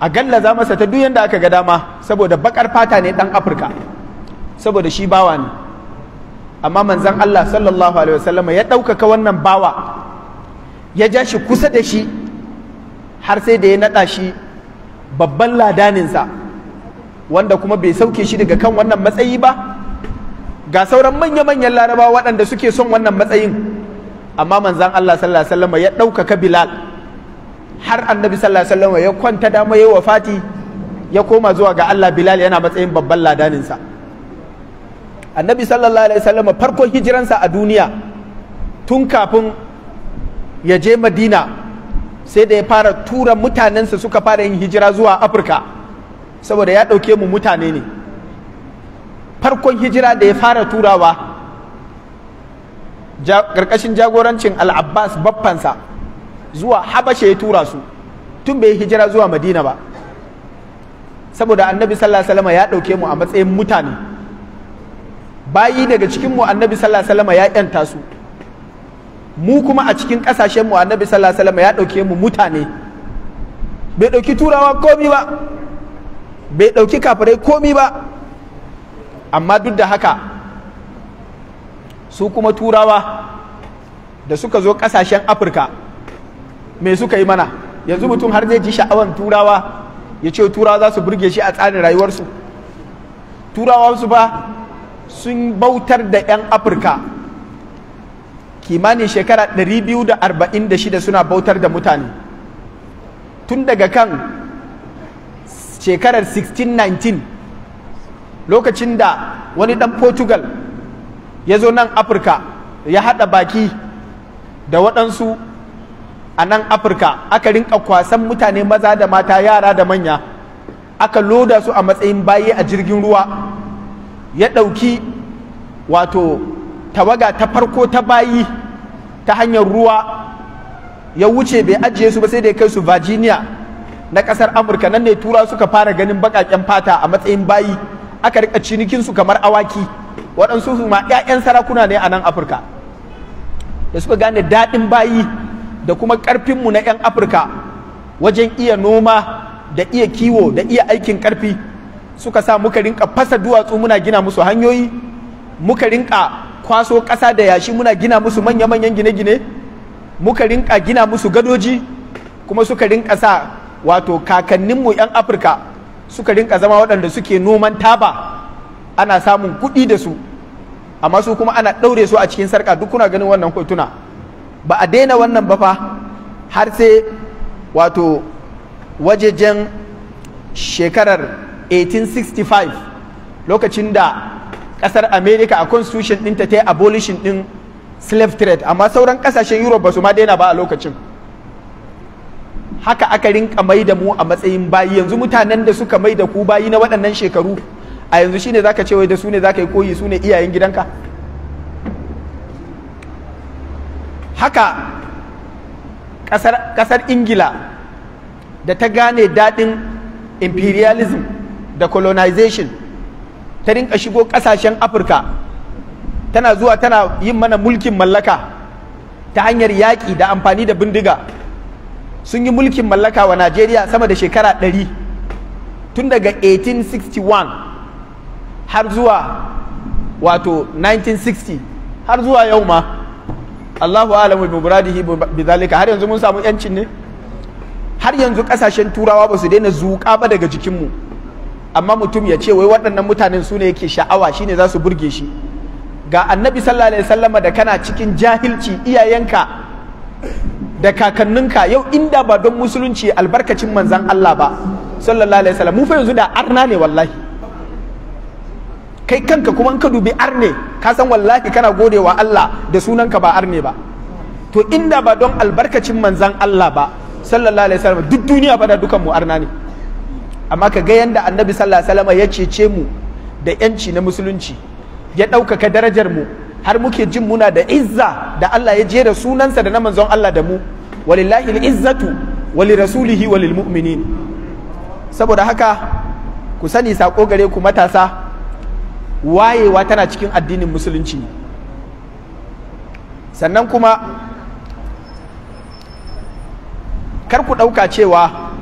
a gallaza masa ta duk yadda aka ga dama saboda bakar fata ne dan afirka saboda shi bawa ne amma manzan allah sallallahu alaihi wasallam ya ɗaukaka wannan bawa ya ja shi kusa da shi har sai da ya naɗa shi babban ladaninsa wanda kuma bai sauke shi daga kan wannan matsayi ba ga sauran manya-manyan larabawa waɗanda suke son wannan matsayin amma manzan allah sallallahu alaihi wasallam ya ɗaukaka bilal har annabi sallallahu alaihi wasallam ya kwanta dama wa wafati ya koma zuwa ga Allah Bilal yana matsayin babban ladaninsa annabi sallallahu alaihi wasallam farkon hijiransa a duniya tun kafin ya je Madina sai da ya fara tura mutanensa suka fara yin hijira zuwa Afirka saboda ya ɗauke mu mutane ne farkon hijira da ya fara turawa ƙarƙashin jagorancin al-Abbas baffansa zuwa habasha ya tura su tun bai hijira zuwa madina ba saboda annabi sallallahu alaihi ya dauke mu a matsayin mutane bayi daga cikin mu annabi sallallahu alaihi ya yanta su mu kuma a cikin kasashen mu annabi sallallahu alaihi ya dauke mu mutane bai ɗauki turawa komi ba bai ɗauki kafirai komi ba amma duk da haka su kuma turawa da suka zo kasashen afirka Mai suka yi mana yanzu mutum har zai ji sha'awan turawa ya ce turawa za su burge shi a tsarin rayuwarsu turawa su ba sun bautar da 'yan afirka kimanin shekara 246 suna bautar da mutane tun daga kan shekarar 1619 lokacin da wani dan portugal ya zo nan afirka ya haɗa baki da waɗansu a nan afirka aka rinka kwasan mutane maza da mata yara da manya aka loda su a matsayin baye a jirgin ruwa ya ɗauki wato tawaga ta farko ta bayi ta hanyar ruwa ya wuce bai ajiye su ba sai da ya kai su virginia na ƙasar amurka nan ne tura suka fara ganin baƙaƙen fata a matsayin bayi aka rika cinikin su kamar awaki waɗansu su ma 'ya'yan sarakuna ne a nan afirka da suka gane daɗin bayi da kuma ƙarfinmu na 'yan afirka wajen iya noma da iya kiwo da iya aikin ƙarfi suka sa muka rinka fasa duwatsu muna gina musu hanyoyi muka rinka kwaso ƙasa da yashi muna gina musu manya-manyan gine-gine muka rinka gina musu gadoji kuma suka rinka sa wato kakanninmu 'yan afirka suka rinka zama waɗanda suke noman taba ana samun kuɗi da su amma su kuma ana ɗaure su a cikin sarƙa duk kuna ganin wannan hotuna. ba a daina wannan ba fa har sai wato wajejen shekarar 1865 lokacin da kasar america a constitution ɗinta ta yi abolishing ɗin slave trade amma sauran kasashen europe ba su ma daina ba a lokacin haka aka rinka mai da mu a matsayin bayi yanzu mutanen da suka mai da ku bayi na waɗannan shekaru a yanzu shine zaka ce wai da su ne zaka yi koyi su ne iyayen gidanka haka ƙasar ingila da ta gane daɗin imperialism da colonization ta rinka shigo ƙasashen afirka tana zuwa tana yin mana mulkin mallaka ta hanyar yaƙi da amfani da bindiga sun yi mulkin mallaka wa najeriya sama da shekara 100 tun daga 1861 har zuwa wato 1960 har zuwa yau ma Allahu alamu bi muradihi bi zalika har yanzu mun samu yancin ne har yanzu kasashen turawa ba su daina zuƙa ba daga jikin mu amma mutum ya ce wai waɗannan mutanen su ne yake sha'awa shine za su burge shi ga annabi sallallahu alaihi wasallam da kana cikin jahilci iyayenka da kakanninka yau inda ba don musulunci albarkacin manzan Allah ba sallallahu alaihi wasallam mu fa yanzu da arna ne wallahi kai kanka kuma ka dubi arne ka san wallahi kana wa Allah da sunanka ba arne ba to inda ba don albarkacin manzan Allah ba sallallahu alaihi wasallam duk duniya fa da dukan mu arna ne amma ka ga yanda annabi sallallahu alaihi wasallam ya cece mu da yanci na musulunci ya ɗaukaka darajar mu har muke jin muna da izza da Allah ya jera sunansa da na manzon Allah da mu walillahi al-izzatu walirasulihi walilmu'minin saboda haka ku sani sako gare ku matasa wayewa tana cikin addinin musulunci sannan kuma kar ku ɗauka cewa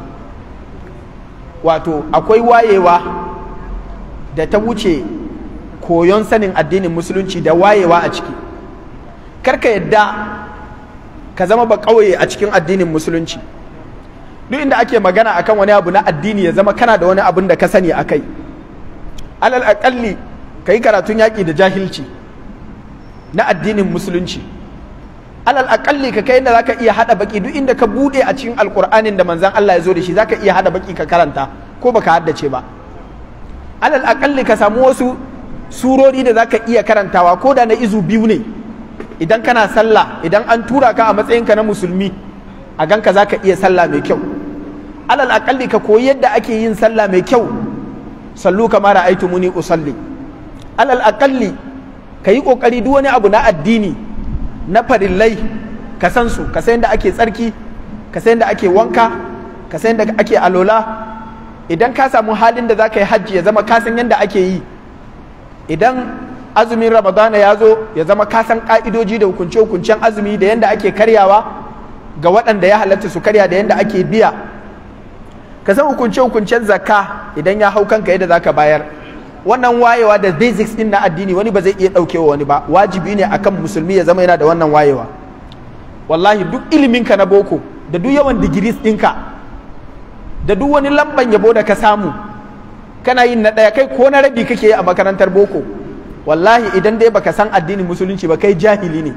wato akwai wayewa da ta wuce koyon sanin addinin musulunci da wayewa a ciki karka yadda ka zama ba ƙauye a cikin addinin musulunci duk inda ake magana akan wani abu na addini ya zama kana da wani abun da ka sani a kai alal aƙalli ka yi karatun yaƙi da jahilci na addinin musulunci alal aƙalli ka kai da za ka iya haɗa baki duk inda ka buɗe a cikin alƙur'anin da manzan Allah ya zo da shi za ka iya haɗa baki ka karanta ko baka haddace ba alal aƙalli ka samu wasu surori da za ka iya karantawa ko da na izu biyu ne idan kana sallah idan an tura ka a matsayinka na musulmi a ganka za ka iya sallah mai kyau alal aƙalli ka koyi yadda ake yin sallah mai kyau sallu kamara aitu muni usalli alal akalli ka yi ƙoƙari duk wani abu na addini na farillai ka san su ka san da ake tsarki ka san da ake wanka ka san da ake alola idan ka samu halin da za ka yi hajji ya zama ka san yadda ake yi idan azumin ramadana ya zo ya zama ka san ka'idoji da hukunce-hukuncen azumi da yadda ake karyawa ga waɗanda ya halatta su karya da yadda ake biya ka san hukunce-hukuncen zakka idan ya hau kanka yadda za ka bayar wannan wayewa da basics din na addini wani ba zai iya daukewa wani ba wajibi ne akan musulmi ya zama yana da wannan wayewa wallahi duk iliminka na boko da duk yawan digiris ɗinka da duk wani lamban yabo da ka samu kana yin na ɗaya kai ko na rabi kake yi a makarantar boko wallahi idan dai baka san addinin musulunci ba kai jahili ne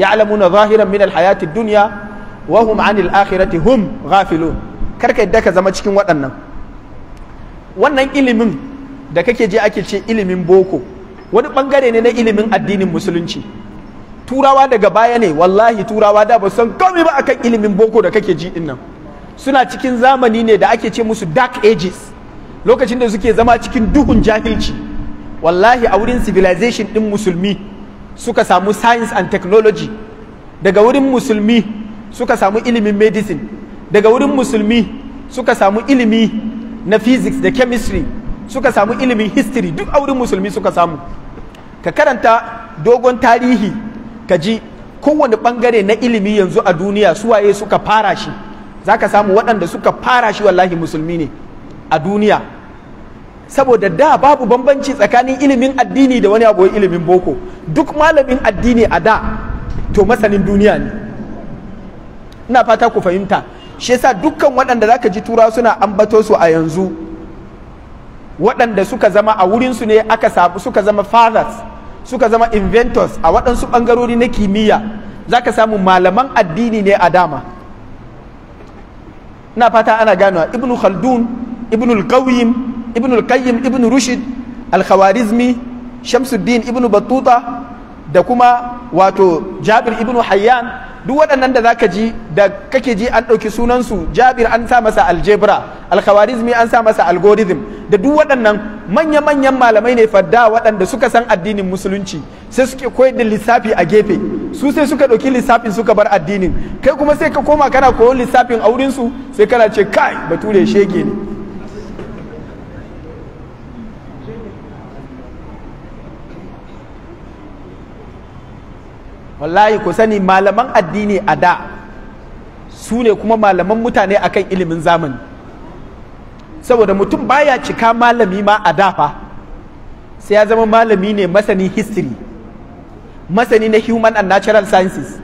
na zahiran min alhayati dunya wa hum anil akhirati hum ghafilun karka yadda ka zama cikin waɗannan wannan ilimin da kake je ake ce ilimin boko wani bangare ne na ilimin addinin musulunci turawa daga baya ne wallahi turawa da ba san komai ba akan ilimin boko da kake ji dinnan suna cikin zamani ne da ake ce musu dark ages lokacin da suke zama cikin duhun jahilci wallahi a wurin civilization din musulmi suka samu science and technology daga wurin musulmi suka samu ilimin medicine daga wurin musulmi suka samu ilimi na physics da chemistry suka samu ilimin history duk auren musulmi suka samu ka karanta dogon tarihi ka ji kowane bangare na ilimi yanzu a duniya suwaye suka fara shi za ka samu waɗanda suka fara shi wallahi musulmi ne a duniya saboda da babu bambanci tsakanin ilimin addini da wani abu ilimin boko duk malamin addini a da to masanin duniya ne ina fata ku fahimta shi yasa dukkan waɗanda za ka ji tura suna ambato su a yanzu waɗanda suka zama a wurinsu ne aka sabu suka zama fathers suka zama inventors a waɗansu ɓangarori na kimiyya za ka samu malaman addini ne a dama na fata ana gano Ibnu khaldun ibn al ibnu ibn al Rushid ibn shamsuddin ibn battuta da kuma wato jabir ibn hayyan duk waɗannan da zaka ji da kake ji an ɗauki sunansu jabir an sa masa aljebra alkhawarizmi an sa masa algorithm da duk waɗannan manya-manyan malamai ne fadda waɗanda suka san addinin musulunci sai suke koyar da lissafi a gefe su sai suka ɗauki lissafin suka bar addinin kai kuma sai ka koma kana koyon lissafin aurinsu sai kana ce kai bature shege ne wallahi ku sani malaman addini a da su ne kuma malaman mutane a kan ilimin zamani saboda mutum baya cika malami ma a da fa sai ya zama malami ne masani history masani na human and natural sciences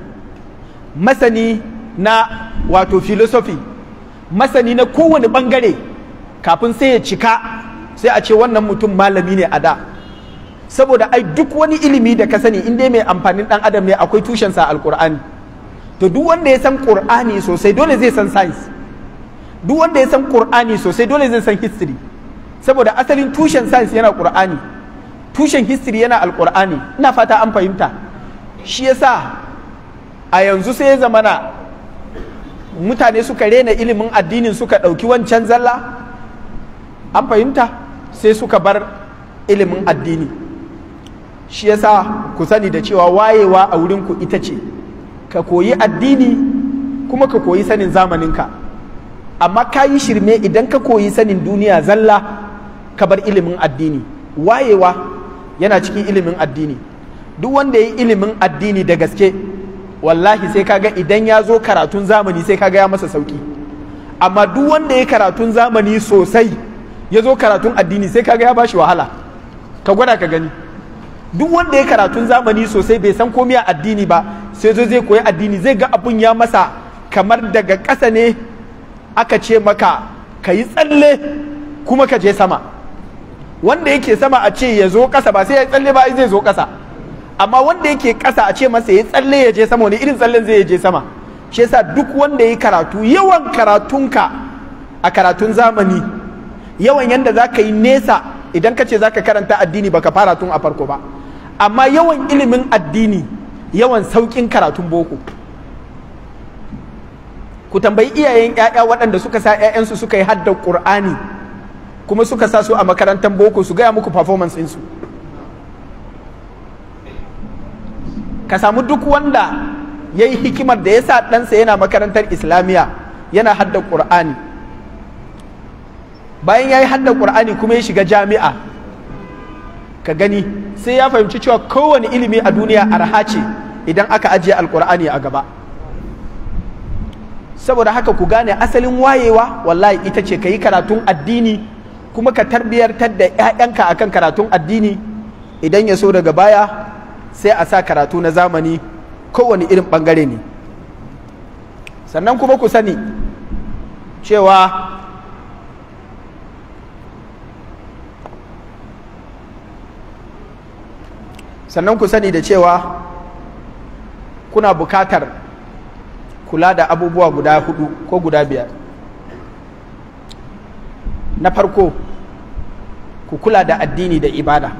masani na wato philosophy masani na kowane bangare kafin sai ya cika sai a ce wannan mutum malami ne a da saboda ai duk wani ilimi da ka sani in dai mai amfanin dan adam ne akwai tushensa alkur'ani to duk wanda ya san qur'ani sosai dole zai san science duk wanda ya san qur'ani sosai dole zai san history saboda asalin tushen science yana qur'ani tushen history yana alkur'ani ina fata an fahimta shi yasa a yanzu sai ya zamana mutane suka rena ilimin addinin suka ɗauki wancan zalla an fahimta sai suka bar ilimin addini shi ya sa ku sani da cewa wayewa a wurinku ita ce ka koyi addini kuma ka koyi sanin zamaninka amma ka yi shirme idan ka koyi sanin duniya zalla ka bar ilimin addini wayewa yana cikin ilimin addini duk wanda ya yi ilimin addini da gaske wallahi sai ka ga idan ya zo karatun zamani sai ka ga ya masa sauki amma duk wanda ya karatun zamani sosai ya zo karatun addini sai kaga ya bashi wahala ka gwada ka gani duk wanda ya karatun zamani sosai bai san komai a addini ba sai zo zai koyi addini zai ga abun ya masa kamar daga ƙasa ne aka ce maka ka yi tsalle kuma ka je sama wanda yake sama a ce ya zo ƙasa ba sai ya tsalle ba zai zo ƙasa amma wanda yake ƙasa a ce masa ya tsalle ya je sama wani irin tsallen zai je sama shi yasa duk wanda ya karatu yawan karatunka a karatun zamani yawan yanda za ka yi nesa idan ka ce za ka karanta addini baka fara tun a farko ba amma yawan ilimin addini yawan saukin karatun boko ku tambayi iyayen ‘ya'ya waɗanda suka sa ‘ya'yansu suka yi haddar ƙur'ani kuma suka sa su a makarantar boko su gaya muku performance ɗinsu ka samu duk wanda ya yi hikimar da ya sa ɗansa yana makarantar islamiyya yana haddar ƙur'ani bayan ya yi haddar ƙur'ani kuma ya shiga jami'a ka gani sai ya fahimci cewa kowane ilimi a duniya arha ce idan aka ajiye alkur'ani a gaba saboda haka ku gane asalin wayewa wallahi ita ce ka yi karatun addini kuma ka tarbiyartar da 'ya'yanka akan karatun addini idan ya so daga baya sai a sa karatu na zamani kowane irin bangare ne sannan kuma ku sani cewa sannan ku sani da cewa kuna bukatar kula da abubuwa guda hudu ko guda biyar na farko ku kula da addini da ibada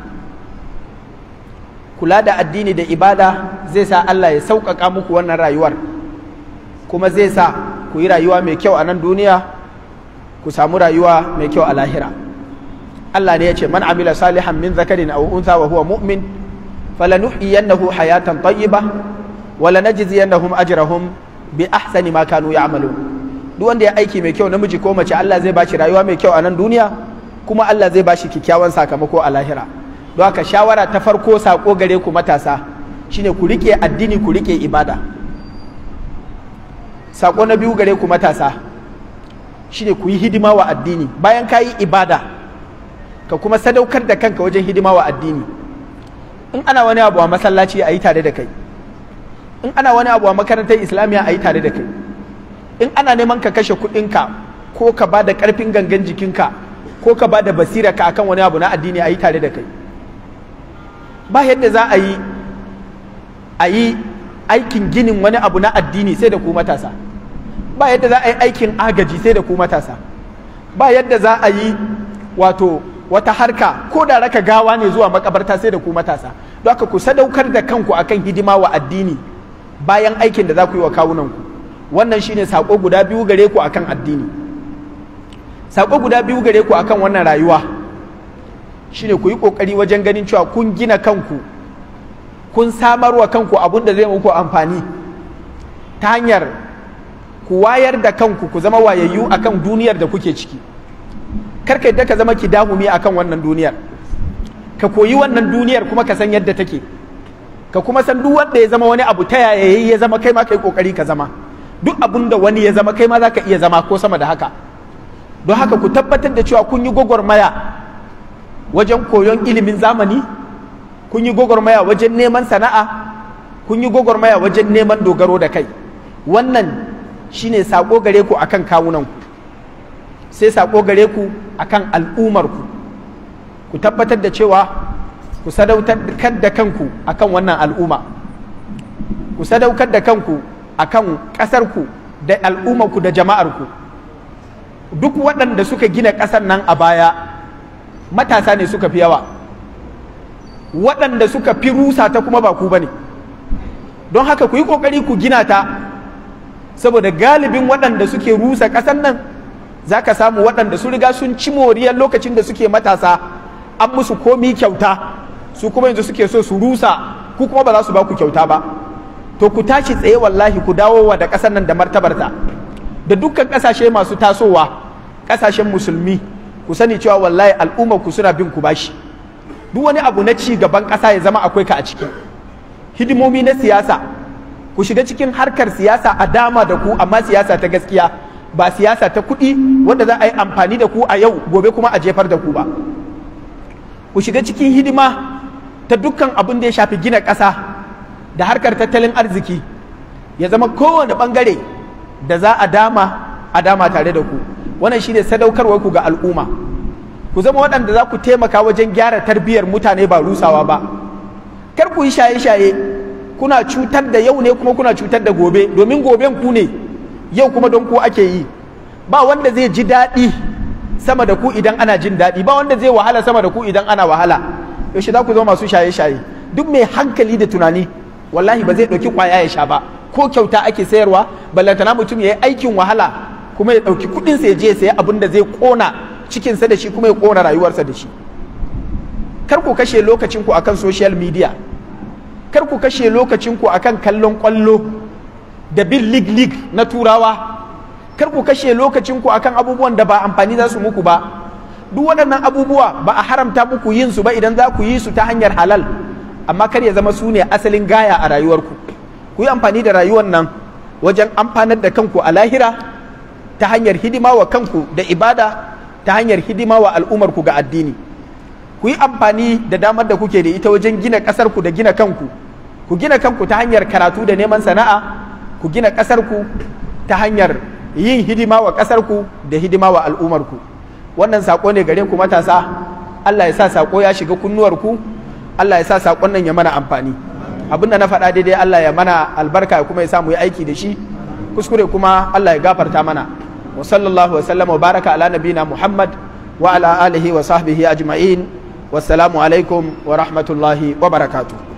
kula da addini da ibada zai sa Allah ya sauƙaƙa muku wannan rayuwar kuma zai sa ku yi rayuwa mai kyau a nan duniya ku samu rayuwa mai kyau a lahira Allah ne ya ce man amila salihan min zakarin a untha wa huwa mu'min falanuhyiyannahu hayatan tayyiba wala najziyannahum ajrahum bi ahsani ma kanu duk wanda ya aiki mai kyau namiji ko mace Allah zai bashi rayuwa mai kyau a nan duniya kuma Allah zai shi kyakkyawan sakamako a lahira don haka shawara ta farko sako gare ku matasa shine ku rike addini ku rike ibada sako na biyu gare ku matasa shine ku yi hidima wa addini bayan ka yi ibada ka kuma sadaukar da kanka wajen hidima wa addini in ana wani abu a masallaci a yi tare da kai in ana wani abu a makarantar islamiyya a yi tare da kai in ana neman ka kashe kuɗinka ko ka ba da ƙarfin gangan jikinka ko ka ba da basira ka akan wani abu na addini a yi tare da kai ba yadda za a yi a yi aikin ginin wani abu na addini sai da ku matasa ba yadda za a yi aikin agaji sai da ku matasa ba yadda za a yi wato wata harka ko da raka gawa ne zuwa makabarta sai da ku matasa don haka ku sadaukar da kanku akan hidima wa addini bayan aikin da za ku yi wa kawunanku wannan shine sako guda biyu gare ku akan addini sako guda biyu gare ku akan wannan rayuwa shine ku yi kokari wajen ganin cewa kun gina kanku kun samar wa kanku abun da zai muku amfani ta hanyar ku wayar da kanku ku zama wayayyu akan duniyar da kuke ciki karka yadda ka zama ki dahumi a kan wannan duniyar ka koyi wannan duniyar kuma ka san yadda take ka kuma san duk wanda ya zama wani abu ta yaya yayi ya zama kai ma kai kokari ka zama duk abun da wani ya zama kai ma zaka iya zama ko sama da haka don haka ku tabbatar da cewa kun yi gwagwarmaya wajen koyon ilimin zamani kun yi gwagwarmaya wajen neman sana'a kun yi gwagwarmaya wajen neman dogaro da kai wannan shine sako gare ku akan kawunanku sai saƙo gare ku akan al'umarku ku tabbatar da cewa ku sadaukar da kanku akan wannan al'umma ku sadaukar da kanku akan ƙasarku da al'ummarku da jama'arku duk waɗanda suka gina ƙasar nan a baya matasa ne suka fi yawa waɗanda suka fi rusa ta kuma ba ku ba ne don haka ku yi ƙoƙari ku gina ta saboda galibin waɗanda suke rusa ƙasar nan za ka samu waɗanda su riga sun ci moriyar lokacin da suke matasa an musu komi kyauta su kuma yanzu suke so su rusa ku kuma ba za su ba ku kyauta ba to ku tashi tsaye wallahi ku dawo wa da ƙasar nan da martabarta da dukkan ƙasashe masu tasowa ƙasashen musulmi ku sani cewa wallahi al'umma ku suna bin ku bashi duk wani abu na ci gaban ƙasa ya zama akwai ka a ciki hidimomi na siyasa ku shiga cikin harkar siyasa a dama da ku amma siyasa ta gaskiya ba siyasa ta kuɗi wanda za a yi amfani da ku a yau gobe kuma a jefar da ku ba ku shiga cikin hidima ta dukkan abin da ya shafi gina ƙasa da harkar tattalin arziki ya zama kowane ɓangare da za a dama a dama tare da ku wannan shi ne sadaukarwar ku ga al'umma ku zama waɗanda za ku taimaka wajen gyara tarbiyyar mutane ba rusawa ba kar ku yi shaye-shaye kuna cutar da yau ne kuma kuna cutar da gobe domin goben ku ne yau kuma don ku ake yi ba wanda zai ji daɗi sama da ku idan ana jin daɗi ba wanda zai wahala sama da ku idan ana wahala yaushe za ku zama masu shaye-shaye duk mai hankali da tunani wallahi ba zai ɗauki kwaya ya sha ba ko kyauta ake sayarwa ballantana mutum ya yi aikin wahala kuma ya ɗauki kuɗinsa ya je sai abin da zai ƙona cikinsa da shi kuma ya ƙona rayuwarsa da shi kar ku kashe lokacinku akan social media kar ku kashe lokacinku akan kallon ƙwallo da bin lig lig na turawa kar ku kashe lokacinku akan abubuwan da ba amfani za su muku ba duk waɗannan abubuwa ba a haramta muku yin su ba idan za ku yi su ta hanyar halal amma kar ya zama su ne asalin gaya a rayuwarku ku yi amfani da rayuwar nan wajen amfanar da kanku a lahira ta hanyar hidima wa kanku da ibada ta hanyar hidima wa al'umarku ga addini ku yi amfani da damar da kuke da ita wajen gina ƙasarku da gina kanku ku gina kanku ta hanyar karatu da neman sana'a ku gina ƙasarku ta hanyar yin hidima wa ƙasarku da hidima wa al'umarku wannan saƙo ne gare ku matasa Allah ya sa saƙo ya shiga kunnuwarku Allah ya sa saƙon nan ya mana amfani abinda na faɗa daidai Allah ya mana albarka ya kuma ya samu yi aiki da shi kuskure kuma Allah ya gafarta mana wa sallallahu wa sallama wa baraka ala nabina Muhammad wa ala alihi wa sahbihi ajma'in wassalamu alaikum wa rahmatullahi wa barakatuh